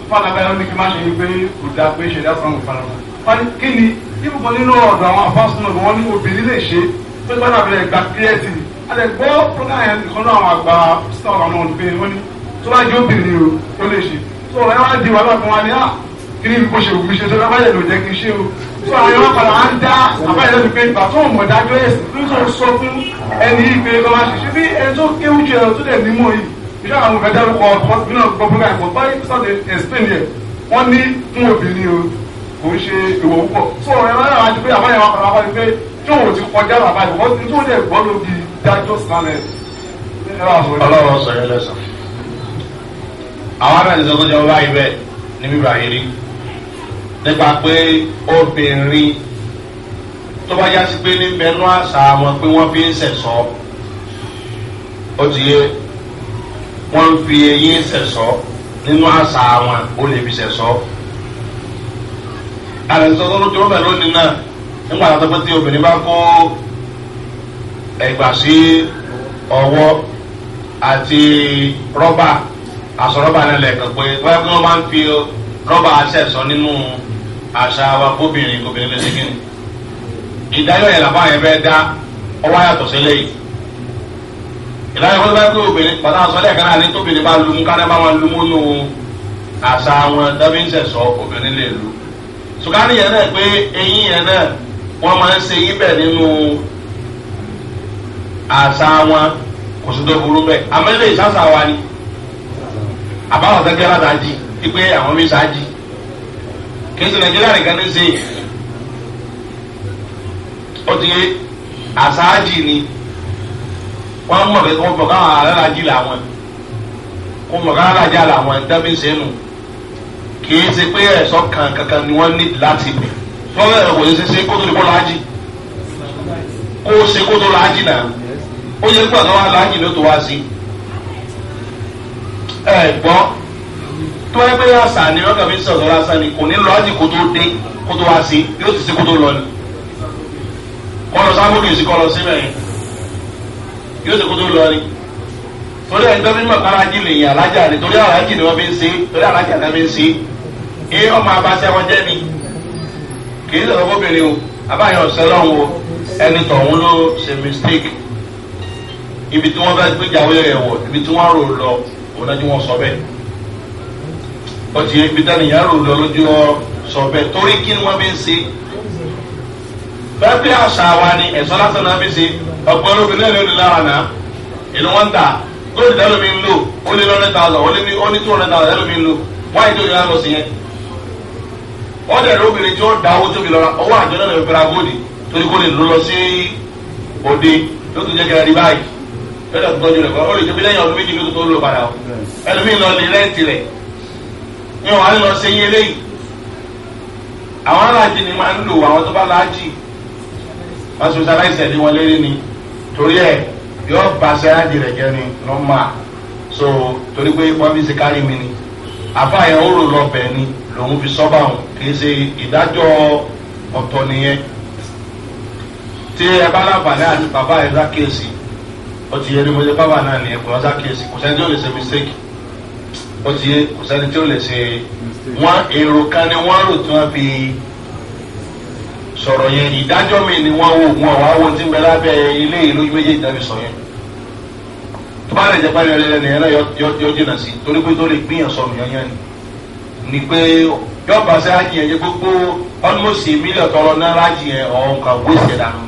fún abẹ́rẹ́ ó ní kí má ṣe yín pé kò dáa pé ṣẹ̀dá kan kò fara wọn kí ni ibùkún nínú ọ̀dọ̀ àwọn afásùnà wọn ní obìnrin lè ṣe pé gbọ́dọ̀ bẹ̀rẹ̀ gba kíyẹ́sì alẹ́ gbọ́ fúnra yẹn nìkan náà àwọn àgbà sọ̀rọ̀ náà tó àwọn ọ̀pàdà á ń dá àbáyọ̀ ní pé ìgbà tó ń mọ̀ dájú ẹ̀sìn tó ń sọ fún ẹni ìgbé lọ́wọ́ àṣìṣe bí ẹni tó kéwú jẹ ọ tó dẹ̀ nímọ̀ yìí ìṣọ́ àwọn òfẹ́ dárúkọ nínú gbọ́gbọ́n àìpọ̀ bá yìí de explain yẹ wọ́n ní fún obìnrin o kò ń ṣe ìwọ̀ púpọ̀ tó ọ̀rẹ́ máa ń pé àbáyọ̀ ọ̀pàdà wọ́n ti pé tí òun ti kọjá bàbá ìwọ́n ti tó dẹ̀ gbọ́ lóbi dájọ́ sálẹ̀ ọlọ́run sọ yẹn lẹ́sàn-án àwọn nípa pé obìnrin tó bá yásí pé ní bẹnu àṣà wọn pé wọ́n fi ń sẹ̀sọ́ ó ti yé wọ́n fi eyín sẹ̀sọ́ nínú àṣà wọn ó lè fi sẹ̀sọ́ àlẹ́sọ̀ tó lójú ọ̀bẹ lónìí náà nígbà tó pé tí obìnrin bá kó ẹ̀gbà sí ọwọ́ àti rọ́bà aṣọ rọ́bà nílẹ̀ kan pé wọ́n máa ń fi rọ́bà sẹ̀sọ́ nínú àṣà wa bóbìnrin obìnrin lè ṣe kí ni ìdájọ́ yẹn làbá yẹn fẹ́ dá ọwọ́ yàtọ̀ sílẹ̀ yìí ìdájọ́ fẹ́ fẹ́ pé obìnrin bàtà sọ lẹ́ẹ̀kan náà ní tóbìnrin bá lumú káná bá wọn lumú nù àṣà wọn dábí ń sẹ̀sọ obìnrin lè lu sùkárì yẹn náà pé eyín yẹn náà wọ́n máa ń ṣe yín bẹ̀ nínú àṣà wọn kò sí tó burú bẹ́ẹ̀ amẹ́lẹ́ ìsásà wa ni àbáwọ̀ sẹ́kẹ́ látàjì wípé àwọn mi sáájì kì í ṣe nàìjíríà nìkan ní sèyí ó ti yé àṣáájì ni wọn mọ bẹ wọn mọ káwọn alájì làwọn wọn mọ káwọn alájà làwọn dábì sẹnu kì í ṣe pé ẹsọ kan kankan ni wọn ní láti bẹ wọn bẹ wòye ṣẹṣẹ kó tó lè kó láàjì kó ṣe kó tó láàjì náà ó yẹ kó àtàwọn alájì ló tó wá sí ẹ gbọ́ tó wáyé pé àṣà ni wọn kàn fi sọ̀rọ̀ lásán ni kò ní lọ ájì kó tó dé kó tó wá sí yóò ti sí kó tó lọ ni kọlọ sábò kì í sí kọlọ síbẹ̀ yẹn yóò ti kó tó lọ ni torí ẹni tó fi mọ̀ kárájì lè yàn alájà ni torí alájì ni wọ́n fi ń se torí alájà ni wọ́n fi ń se é ọmọ abáṣẹ wọn jẹ́ mi kì í sọ̀rọ̀ fóbìnrin o abáyọ̀ ọ̀sẹ̀ lọ́hùn o ẹni tọ̀hún ló ṣe mistake ibi tí wọ́n bá gbéjà wẹ́rẹ̀ wọ̀ ibi tí wọ́n rò lọ òun náà tí wọ́n sọ bẹ́ẹ̀ ọtí ibi dání yàrá òde ọlọ́jọ́ sọ torí kí ni wọ́n fi ń ṣe bẹ́ẹ̀ àṣà wa ni ẹ̀sọ́ lásán náà fi ṣe ọ̀pọ̀ obìnrin náà ló ní lára náà ìlú wọn ta lórí ìdálò mi ń lò ó lé lọ́rẹ́ tààzà ó lé ní ó ní tó rẹ̀ tààzà ìdálò mi ń lò wọ́n àìjọ ìlú àlọ́ sí yẹn wọ́n dẹ̀ ló obìnrin tí ó da owó tóbi lọ́ra ọwọ́ àjọ náà lè fẹ́ra góòdì torí kó lè lọ lọ sí òde ló tún jẹ́ kẹrẹ́ rí báyìí lọ́dọ̀ ni wọn á lọ ṣe yín eléyìí àwọn aláàjì ni máa ń lò àwọn tó bá láàjì wọn socialize ẹni wọn lérí ni torí ẹ yóò ba sẹ́yájì rẹ̀ jẹ́ ni nọ́mà so torí pé wọ́n fi ṣe kárí mi ni àfààyàn ó rò lọ́bẹ̀ ni lòun fi sọ́bà hàn kì í ṣe ìdájọ́ ọ̀tọ̀ nìyẹn tí ẹ bá láǹfààní àti bàbá ẹ sákèésì ó ti yẹ ní mo ṣe bàbá náà ní ẹ̀kọ́ sákèésì kò sẹ́ni tí ó lè ṣe mistake ó ti yé kò sẹ́ni tí ó lè ṣe wọ́n èrò kan ni wọ́n rò tí wọ́n fi sọ̀rọ̀ yẹn ìdájọ́ mi ni wọ́n wò wọ́n wá wo tí ń bẹ lábẹ́ ilé ìlú méjèèjì tàbí sọ yẹn tó bá lè jẹ́ pálí ọ̀lẹ́lẹ́ nìyẹn náà yọ jìnnà sí torí pé tó lè gbìyàn sọnù yẹn yẹn ni pé yọ pàṣẹ ájì yẹn gbogbo almost mílíọ̀nù tọrọ náírà ájì yẹn ọ̀hún kan wéṣì ẹ̀ dànù.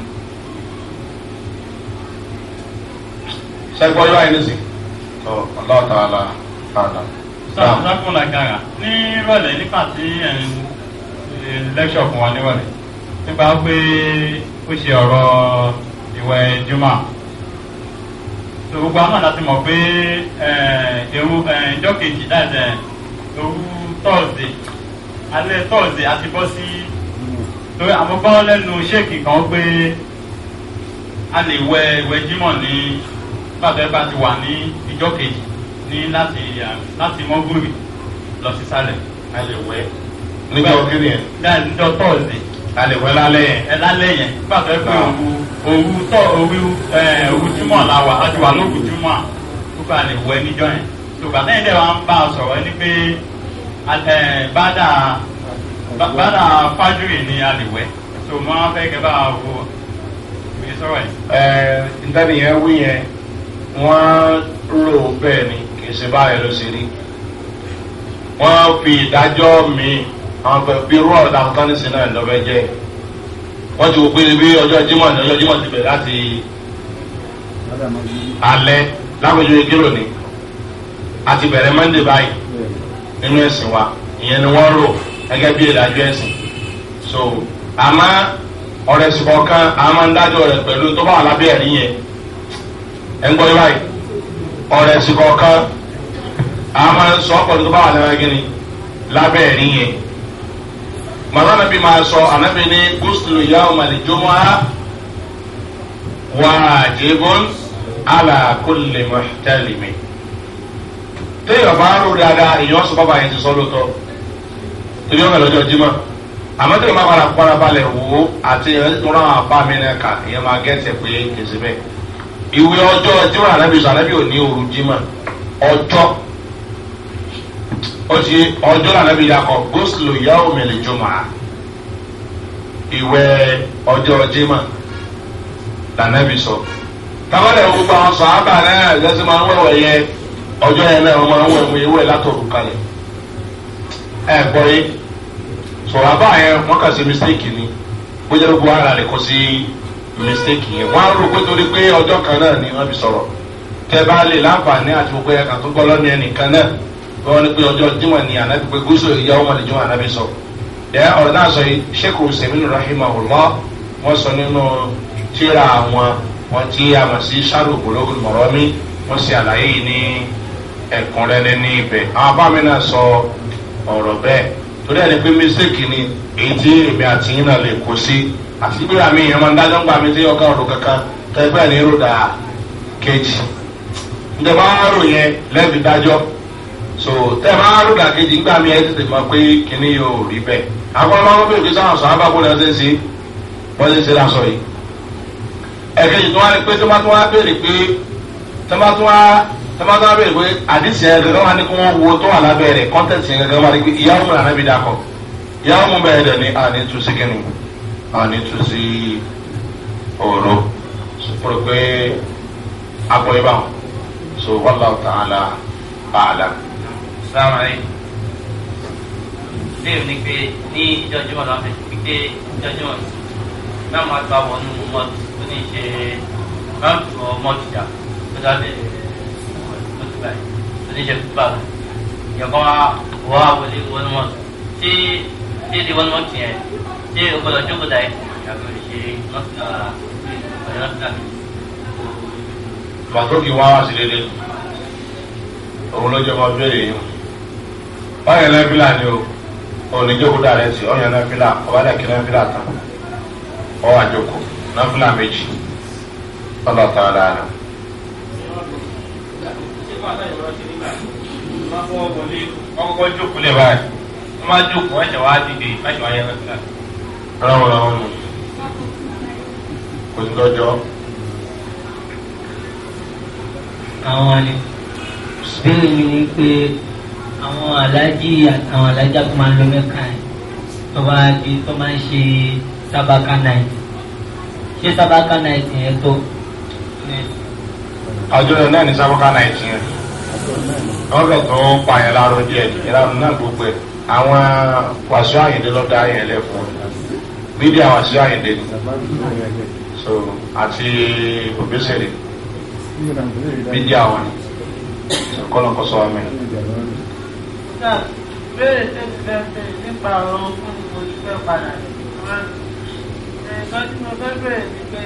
sẹ́gbọ́n yóò àyè ní sè. ọ̀ ọlọ́ọ̀tà àlà àdàmù sọ̀rọ̀ sọ́kùn làgàrà ní ìrọ̀lẹ́ nígbà tí nípa pé ó ṣe ọ̀rọ̀ ìwẹ̀ jùmọ̀ gbogbo àwọn àti mọ̀ pé ẹ̀rù ìjọ kejì dáadáa òru tọ́ọ̀sì alẹ́ tọ́ọ̀sì àti bọ́ torí àwọn lẹ́nu ṣéèkì kan pé a lè wẹ ìwẹ̀ jimọ̀ ní bàtẹ́ wà ní ìjọ kejì. Ni láti um, láti mọ́gúrì lọ sí sálẹ̀. a lè wẹ́ nígbà tọ́ọ̀sì. a lè wẹ́ lálẹ́ yẹn. ẹ lálẹ́ yẹn nígbà tó yẹ pé ah. òru òru tọ́ òru òru túmọ̀ la wà wà lóògùn túmọ̀ lè yẹn. bá sọ̀rọ̀ ẹni pé bàdà bàdà fájúrì ni a lè wẹ́. tó mọ́ bá sọ̀rọ̀ yẹn. ẹ ìsìn báyìí ló ṣe rí wọ́n fi ìdájọ́ mi àwọn pẹ̀lú bí irú ọ̀rọ̀ táwọn tán nísìn náà lọ́fẹ́ jẹ́ wọ́n ti wò pé bí ọjọ́ jimọ̀ ní ọjọ́ jimọ̀ ti bẹ̀rẹ̀ láti alẹ́ láwùjọ ìgbéró ni àti bẹ̀rẹ̀ mọ́ndé báyìí nínú ẹ̀sìn wa ìyẹn ni wọ́n rò gẹ́gẹ́ bí ìdájọ́ ẹ̀sìn so àmọ́ ọ̀rẹ́ sì kọ̀ọ̀kan àmọ́ ń dájọ́ rẹ̀ tó bá wà lábẹ́ ẹ̀rí yẹn ẹ̀ ń gbọ́ yí báyìí ọ̀rẹ́ sì kọ̀ọ̀kan àwọn máa ń sọ ọ̀pọ̀ tó bá wà lábẹ́ gíní lábẹ́ ẹ̀rí yẹn màmá nàbí máa sọ ànábì ní gúúsùlù yá ọmọ àlejòmọ́ á wà jébọn àlàkùnlé mọ̀tẹ́lìmí téèyàn bá rò dáadáa èèyàn sọ bàbá yẹn ti sọ lóòótọ́ torí ọ̀gá lọ́jọ́ jimá àmọ́ tí ìmọ̀ padà padà balẹ̀ wò ó àti ìrora àbá mi náà kà ìyẹn máa gẹ́sẹ̀ pé kèsì bẹ́ẹ̀ ìwé ọjọ́ jimá ànábì sọ ànábì ò ní òru jimá ọjọ́ ọjọ́ ọjọ́ náà nàbí yakọ goslo yahoo mẹ́lẹ̀ jọmọ́ a ìwẹ́ ọjọ́ jimá lànàbí sọ tábàlẹ̀ gbogbo àwọn sọ ábà náà lẹ́sìn máa ń wẹ̀wẹ̀ yẹ ọjọ́ yẹn náà máa ń wẹ̀wẹ̀ ewé látọ̀rù kalẹ̀ ẹ̀ gbọ́ yé sọ̀rọ̀ àbá yẹn wọ́n kà sí mistake ni bóyá gbogbo ara rẹ̀ kò sí mistake yẹn wọ́n á rò pé torí pé ọjọ́ kan náà ni wọ́n fi sọ̀rọ̀ tẹ́ bá lè láǹfààní àti gbogbo tó gbọ́ ẹnìkan náà wọn ni pé ọjọ́ jimá ni anabi pé gúúsù ìyá ni jimá anabi sọ ẹ ọ̀rọ̀ náà sọ yìí sheikh hussein rahimahullah wọn sọ nínú tíra àwọn wọn tí a mọ̀ sí sáré ògbólógbò mọ̀rọ́mí wọn sì àlàyé yìí ní ní àwọn náà sọ torí ẹni pé ni èyí tí èmi àti yín náà lè kó sí àti bí àmì yẹn máa ń dájọ́ ń tí kankan ní kejì so tẹ máa rú dàkejì ńgbà mi ẹ tètè mọ pé kíní yóò rí bẹ́ẹ̀ àwọn ọmọ ọmọbìnrin kì í sáwọn sọ abáko náà ṣe ń ṣe wọ́n ṣe ń ṣe lásọ yìí ẹ̀kejì tó wá ní pé tó bá tó wá béèrè pé tó bá tó wá béèrè pé àdìsí yẹn gẹ́gẹ́ wá ní kí wọ́n wo tó wà lábẹ́ rẹ̀ kọ́ńtẹ̀tì yẹn gẹ́gẹ́ wá ní pé ìyàwó mi àná bí dakọ̀ ìyàwó mi bẹ̀rẹ̀ dẹ̀ ní àní tu sí kíni àní tu sí ọ̀rọ̀ sọ pé àpọ̀ ìbáwọ̀ so wàllu ta'ala ba'ala sàmà rẹ̀ bẹ́ẹ̀ ni pé ní ìjọ́júmọ̀ náà fẹ́ fi pé ìjọ́júmọ̀ náà máa gba wọnú mọ́tò tó ní ṣe ráǹtù mọ́tò jà tó dábẹ́ mọ́tò báyìí tó ní ṣe kúbà yọ̀kọ́ wọ́n á wọlé wọnú mọ́tò tí tí di wọnú mọ́tò yẹn tí o gbọ́dọ̀ jókòó dà yìí yàtọ̀ ṣe náà pàtó kí wọ́n á wá sí dédé òun ló jẹ́ kó ọjọ́ èèyàn ọyàn náà fílà ni o òní jókòó dáa rẹ sí ọyàn náà fílà ọba dàkí náà fílà tán ọ àjòkò náà fílà méjì ọlọ tà á dáa náà. ọkọ jókòó lè báyìí wọn máa jókòó ẹsẹ wàá dìde ẹsẹ wàá yẹ náà fílà. ọlọ́run ọlọ́run nù kò sí lọ́jọ́. àwọn àlè bẹ́ẹ̀ ni pé àwọn aláàjì àtàwọn aláàjà tó máa ń lọ mẹ́ka ẹ̀ tó bá di tó máa ń ṣe sábàkà náìtì ṣé sábàkà náìtì yẹn tó. àjọyọ̀ náà ní sábàkà náìtì yẹn wọ́n fẹ̀ tó ń pa yẹn láró díẹ̀ ìlànà náà gbogbo ẹ̀ àwọn wàṣọ àyìndé ló dá yẹn lẹ̀ fún wàṣọ àyìndé so àti òbí sèré bídí àwọn kọ́lọ́kọ́sọ àmì náà béèrè tó ti fẹ́ ṣe nípa ọ̀rọ̀ ogún ni mo ti fẹ́ padà nǹkan tí mo fẹ́ bẹ̀rẹ̀ ni pé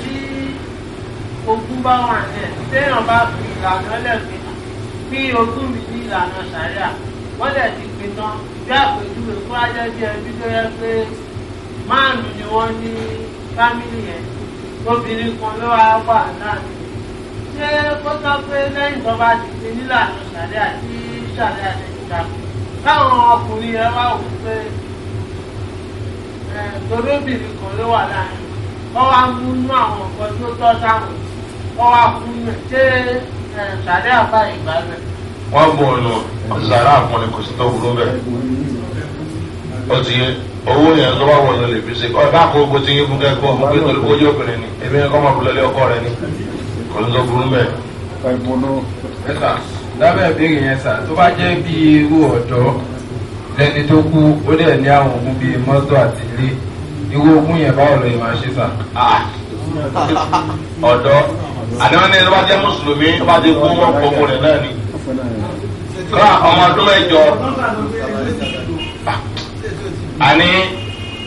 tí ogún bá wà ní ẹ̀ téèyàn bá fi ìlànà lẹ́gbẹ̀ẹ́ bí ogún mi ní ìlànà sàríà wọ́n lẹ̀ ti pè tán bí àpèjúwe fún ajẹ́jẹ́ ẹbí tó yẹ pé márùn ni wọ́n ní fámìlì yẹn obìnrin kan ló wá wà láàrin ṣé kọ́tà pé lẹ́yìn tó bá ti di nílànà ṣàlẹ́ àti ṣàlẹ́ àti ìta káwọn ọkùnrin yẹn wá wò pé torí obìnrin kan ló wà láàrin wọ́n wá mú inú àwọn nǹkan tó tọ́ sáwọn wọ́n wá fún mi ṣé ṣàlẹ́ àbá ìgbà rẹ̀. wọ́n bọ̀ ọ̀nà ọ̀sàrà àpọ̀nì kò sí tó burú bẹ́ẹ̀ ti yẹ owó yẹn tó bá lọ lè fi ṣe ọ̀ bá kó o kó ti yẹ fún kẹ́kọ̀ọ́ fún pé torí kó yóò bẹ̀rẹ̀ ni èmi yẹn máa bulẹ̀ lé ọkọ rẹ ni kò ń lọ lábẹ́ ìbéèrè yẹn sà tó bá jẹ́ bí irú ọ̀dọ́ lẹni tó kú ó dẹ̀ ní àwọn ogun bíi mọ́tò àti ilé irú ogun yẹn báwo ló máa ṣe sà. Ah. ọ̀dọ́ àdéhùn ní ẹni bá jẹ́ mùsùlùmí tó bá ti kú wọn kọ ọmọ rẹ̀ náà ni. kọ́ ọmọ ọdún mẹ́jọ ah. àní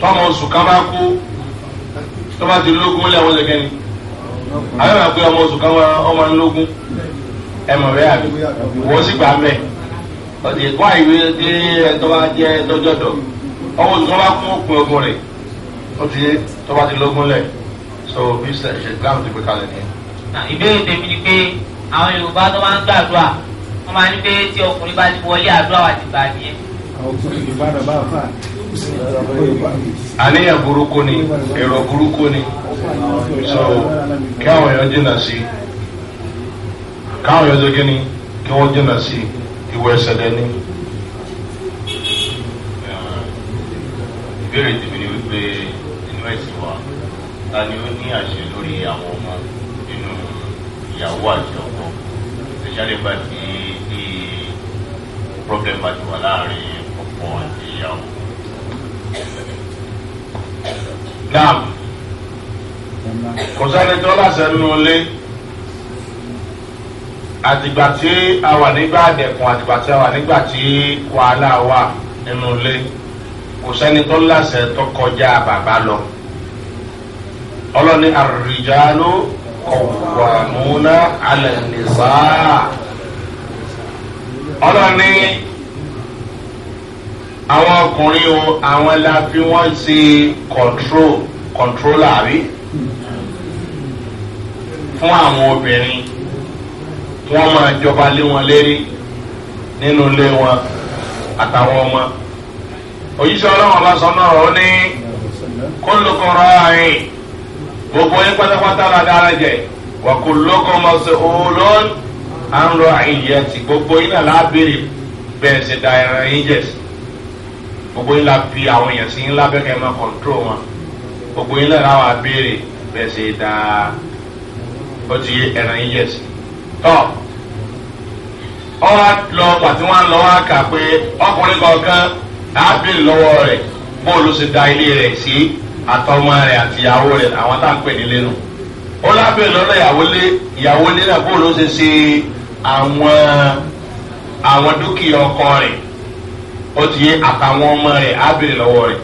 tọ́mọ oṣù kan bá kú tó ti lógún lẹ́wọ́n lẹ́gẹ́ni àwọn àgbẹ̀ ọmọ oṣù kan ọmọ ńlógún ẹmọ rẹ àbí wọ́n sì gbà mẹ́ ọ̀dẹ̀ kọ́ àìwé dé ẹ̀tọ́ bá jẹ́ ẹ̀tọ́jọ́dọ̀ ọmọ oṣù kan bá kún òpin ogun rẹ̀ ó ti tọ́ bá ti lógún lẹ̀ so bí ṣe gbàmù ti pè kalẹ̀ nìyẹn. ìbéèrè tèmi ni pé àwọn yorùbá tó máa ń gbàdúrà wọn máa ń pé tí ọkùnrin bá ti wọlé àdúrà wà ti gbà nìyẹn àníyàn burúkú ni èrò burúkú ni so kí àwọn èèyàn jìnnà sí káwọn èèyàn ṣe kíni kí wọ́n jìnnà sí ìwé ẹsẹ̀ lẹ́ni. ìbéèrè tèmi ni wípé inú ẹ̀sìn wa ta ni ó ní àṣẹ lórí àwọn ọmọ nínú ìyàwó àti ọkọ especially bá ti di problem bá ti wà láàrin ọkọ àti ìyàwó kò sẹ́ni tó lásẹ̀ nínú ilé àtìgbà tí a wà nígbà àdẹ̀kùn àtìgbà tí a wà nígbà tí wàhálà wà nínú ilé kò sẹ́ni tó lásẹ̀ tó kọjá bàbá lọ ọlọ́ni àrùjálù kọ̀wàmúná alẹ́ nìsá ọlọ́ni àwọn ọkùnrin o àwọn la fi wọ́n ṣe control controller fún àwọn obìnrin wọ́n máa jọba lé wọn lérí nínú ilé wọn àtàwọn ọmọ òyìṣẹ́ ọlọ́wọ́n bá sọ náà ó ní kólókòrò àárín gbogbo yín pátápátá la dára jẹ wà kó lókun ma ṣe òòlón à ń lọ àyè ti gbogbo yín náà lábẹ́rẹ́ bẹ́ẹ̀ ṣe da ẹran yín jẹ sí gbogbo yín la fi àwọn èèyàn sí yín lábẹ́ kẹ́ ẹ máa kọ̀ǹtró wọn gbogbo yín náà láwọn abẹ́rẹ́ bẹ́ẹ̀ ṣe da ó ti yé ẹran yín yẹsì tọ ọ wá lọ pàtí wọn lọ wá kà pé ọkùnrin kọọkan ábìlì lọwọ rẹ bóòlù sì da ilé rẹ sí àtọmọ rẹ àtìyàwó rẹ àwọn tá à ń pè nílé nù ó lábìlì lọrọ ìyàwó lé ìyàwó lé náà bóòlù sì ṣe àwọn àwọn dúkìá ọkọ rẹ ó ti yé àtàwọn ọmọ rẹ ábìlì lọwọ rẹ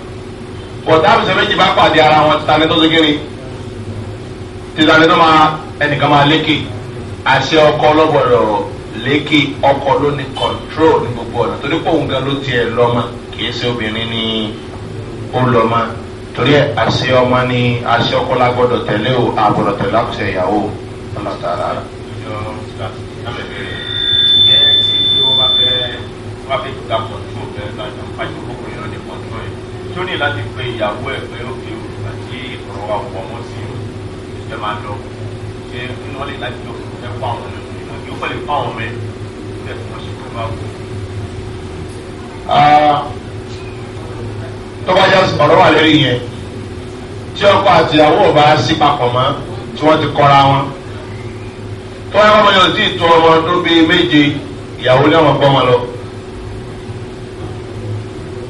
kọ̀dá àbùsẹ̀ méjì bá pàdé ara wọn títà tó ṣe kéré títà tó máa ẹnìkan máa lékè àṣẹ ọkọ ọlọ́gbọ̀dọ̀ lékè ọkọ ló ní control ní gbogbo ọ̀nà torí pé òun gan ló tiẹ̀ lọ́mọ kì í ṣe obìnrin ní ó lọ́mọ torí àṣẹ ọmọ ni àṣẹ ọkọ lágbọ́dọ̀ tẹ̀lé o àbọ̀dọ̀ tẹ̀lé àkùsẹ̀ ìyàwó ọlọ́tàrà rẹ̀. tó ní láti pe ìyàwó ẹ̀ pé ó fi òrùka tí ọ̀rọ̀ wa wọ̀ wọ́n sí ẹ̀ máa lọ pé inú wọn lè láti lọ fún ẹ̀kọ́ àwọn ọmọ ìlú yóò kọ́ lè kọ́ àwọn ọmọ ẹ̀ bẹ́ẹ̀ fún ọṣù ah, tó bá wù. tọ́ba jẹ́ ọ̀rọ̀ wà lórí yẹn tí ọkọ àti ìyàwó ọba sí papọ̀ mọ́ tí wọ́n ti kọ́ra wọn tọ́ba ọmọ yẹn ò tí ì tó ọmọ ọdún bíi méje ìyàwó ní ọmọ gbọ́mọ lọ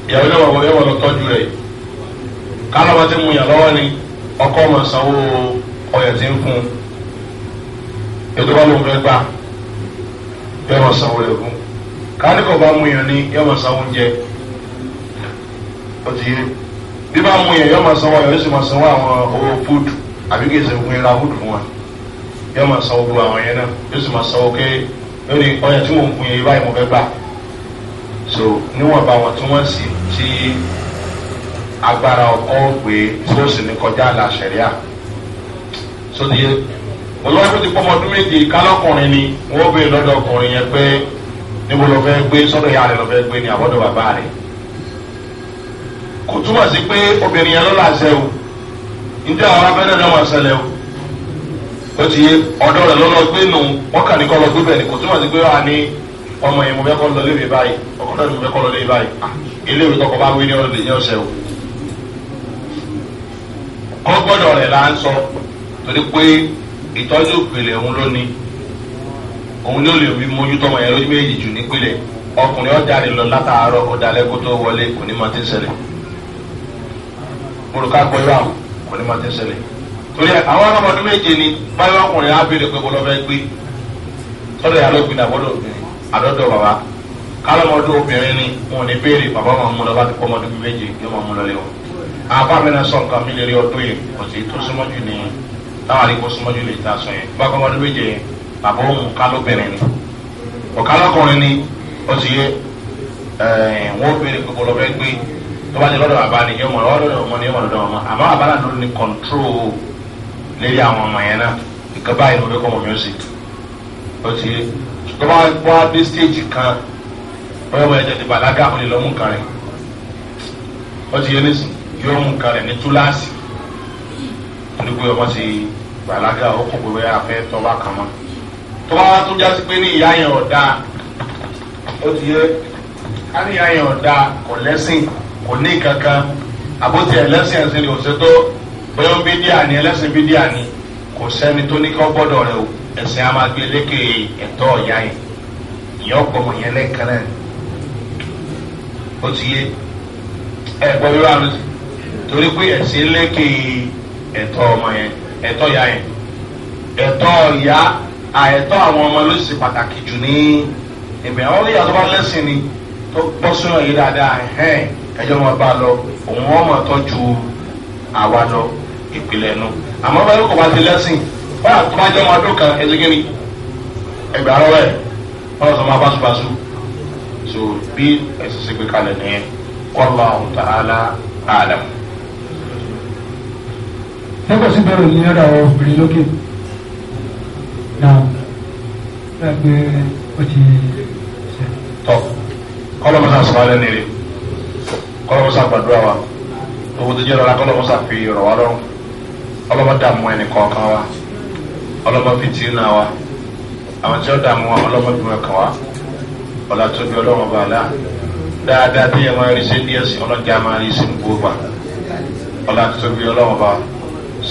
ìyàwó ní ọmọ yẹn wọ́n lọ tọ́jú rẹ̀ kálọ̀ bá ti mú yàn lọ́wọ́ ni ọkọ ọmọ sanwó ọyọ̀ ti ń fún un ètò bá lóun fẹ́ gbà yọ ọmọ sanwó rẹ̀ fún káníkọ̀ bá mú yàn ní yọ ọmọ sanwó jẹ ọtí yé bí bá mú yàn yọ ọmọ sanwó yọ ọsùn máa sanwó àwọn owó fúdù àbí kì í ṣe fún yẹn ra fúdù fún wa yọ ọmọ sanwó gbogbo àwọn yẹn náà yọ ọsùn máa sanwó ké lórí ọyà tí mò ń fún yẹn yìí báyìí mo fẹ́ gbà so níwọ̀n bá wọn tí wọ́n sì ti agbára ọkọ̀ gbé tí ó sì ní kọjá àlà sẹ̀ríà sódìyẹ. So, lọ́wọ́ tó ti pọ́ ọmọdún méje kálọ́kùnrin ni wọ́n bèèrè lọ́dọ̀ ọkùnrin yẹn pé níbo lọ fẹ́ gbé sọ́dọ̀ ìyá rẹ̀ lọ fẹ́ gbé ní àbọ̀dọ̀ bàbá rẹ̀ kò túmọ̀ sí pé obìnrin yẹn ló làṣẹ o njẹ́ àwọn abẹ́rẹ́ náà wọ́n ṣẹlẹ̀ o ó ti yé ọ̀dọ́ rẹ̀ lọ́lọ́ gbé nù wọ́n kà ní kọ́ lọ gbé bẹ̀ ni kò túmọ̀ sí pé wà ní ọmọ yẹn mo fẹ́ kọ́ lọ lébi báyìí ọkọ náà mo fẹ́ kọ́ lọ lébi báyìí ah, ilé ìwé tọkọ ìtọ́jú ìpìlẹ̀ òun ló ní òun ló lè rí mójútó ọmọ yẹn lójú méjì jù nípìnlẹ̀ ọkùnrin ọ̀jáde lọ látàárọ̀ ọ̀dàlẹ́ kó tó wọlé kò ní máa ti ń ṣẹlẹ̀ mọ̀lùká gbọ́ yóò àwọn kò ní máa ti ń ṣẹlẹ̀ torí àwọn ọlọ́mọdún méje ni báyọ̀ ọkùnrin á béèrè pé bọ́lọ́ fẹ́ gbé sọ́dọ̀ yàrá ògbìn àbọ̀dọ̀ obìnrin àdọ́dọ̀ bàbá kálọ́mọdún obìnrin ni wọn ní béèrè bàbá máa mú lọ bá ti pọ́ ọmọdún méje yóò máa mú lọ lé wọn àbá mi náà sọ nǹkan mi lè rí ọdún yìí kò sí tó súnmọ́ jù nìyẹn táwọn àdìpọ̀ súnmọ́jú lè ta sọ yẹn bá kọ́mọdé méje yẹn bàbá òun ká ni ọ̀ká ni ó ti yé wọ́n bèrè gbogbo lọ́bẹ̀ gbé tó bá ní lọ́dọ̀ bàbá ni yọmọ lọ́dọ̀ ọmọ ni yọmọ lọ́dọ̀ ọmọ àmọ́ bàbá náà ló ní kọ̀ntró lérí àwọn ọmọ yẹn náà ìkan báyìí ló fẹ́ kọ́ wọn ó ti yé tó bá wá dé stéèjì kan bóyá wọ́n ẹ̀jẹ̀ torí pé ọmọ ti gbàlágà ó kún pé wẹ́ẹ́ afẹ́ tọ́wá kan mọ́ tọ́wá wa tó jásí pé ní ìyá yẹn ọ̀dà ó ti yẹ ká ní ìyá yẹn ọ̀dà kò lẹ́sìn kò ní kankan àbótí ẹlẹ́sìn ẹ̀sìn ni òṣètò bóyá bídíà ni ẹlẹ́sìn bídíà ni kò sẹ́ni tó ní kọ́ gbọ́dọ̀ rẹ o ẹ̀sìn a máa gbé lékè ẹ̀tọ́ ọ̀yá yẹn ìyá ọ̀pọ̀ mọ̀ yẹn lẹ́ẹ̀kan náà ó ti yé ẹ̀ gbọ́ bí wàá torí pé ẹ̀sìn lékè ẹ̀tọ́ ọmọ yẹn ẹ̀tọ́ ya yẹn ẹ̀tọ́ ya àẹ̀tọ́ àwọn ọmọ ló sì pàtàkì jù ní ìbẹ̀rẹ̀ wọn lè yàtọ̀ bá lẹ́sìn ni tó gbọ́ sínú yìí dáadáa ẹ̀hẹ́n ẹjọ́ wọn bá lọ òun wọn mọ̀ tọ́jú àwa lọ ìpìlẹ̀ nu àmọ́ báyìí kò bá ti lẹ́sìn báyà tó bá jẹ́ ọmọ ọdún kan ẹ̀dẹ́gẹ́ni ẹgbẹ́ arọ́wọ́ ẹ̀ wọ́n sọ ma báṣubáṣu so bí ẹ̀sìn sí gbé kalẹ̀ nìyẹn kọ́lá ọ̀hún tààlà àdàmù ẹgbẹ́ sí bẹ̀rẹ̀ ní ọ̀dà àwọn obìnrin lókè náà ẹgbẹ́ ó ti ṣe. tọ́ kọ́lọ́mọ́sá sọ̀rọ̀ alẹ́ nìyẹn kọ́lọ́mọ́sá gbàdúrà wa owó tó jẹ́ lọ́la kọ́lọ́mọ́sá fi rọ̀ wá lọ́rùn ọlọ́mọ dààmú ẹnì kọ̀ọ̀kan wa ọlọ́mọ fìtínà wa àwọn tí ó dààmú wa ọlọ́mọ dùnmọ̀ kan wa ọ̀là tóbi ọlọ́mọ bàálà dáadáa tí yẹn máa rí sí díẹ̀ sí ọlọ́jà máa rí sí gbogbo wa ọ̀là tóbi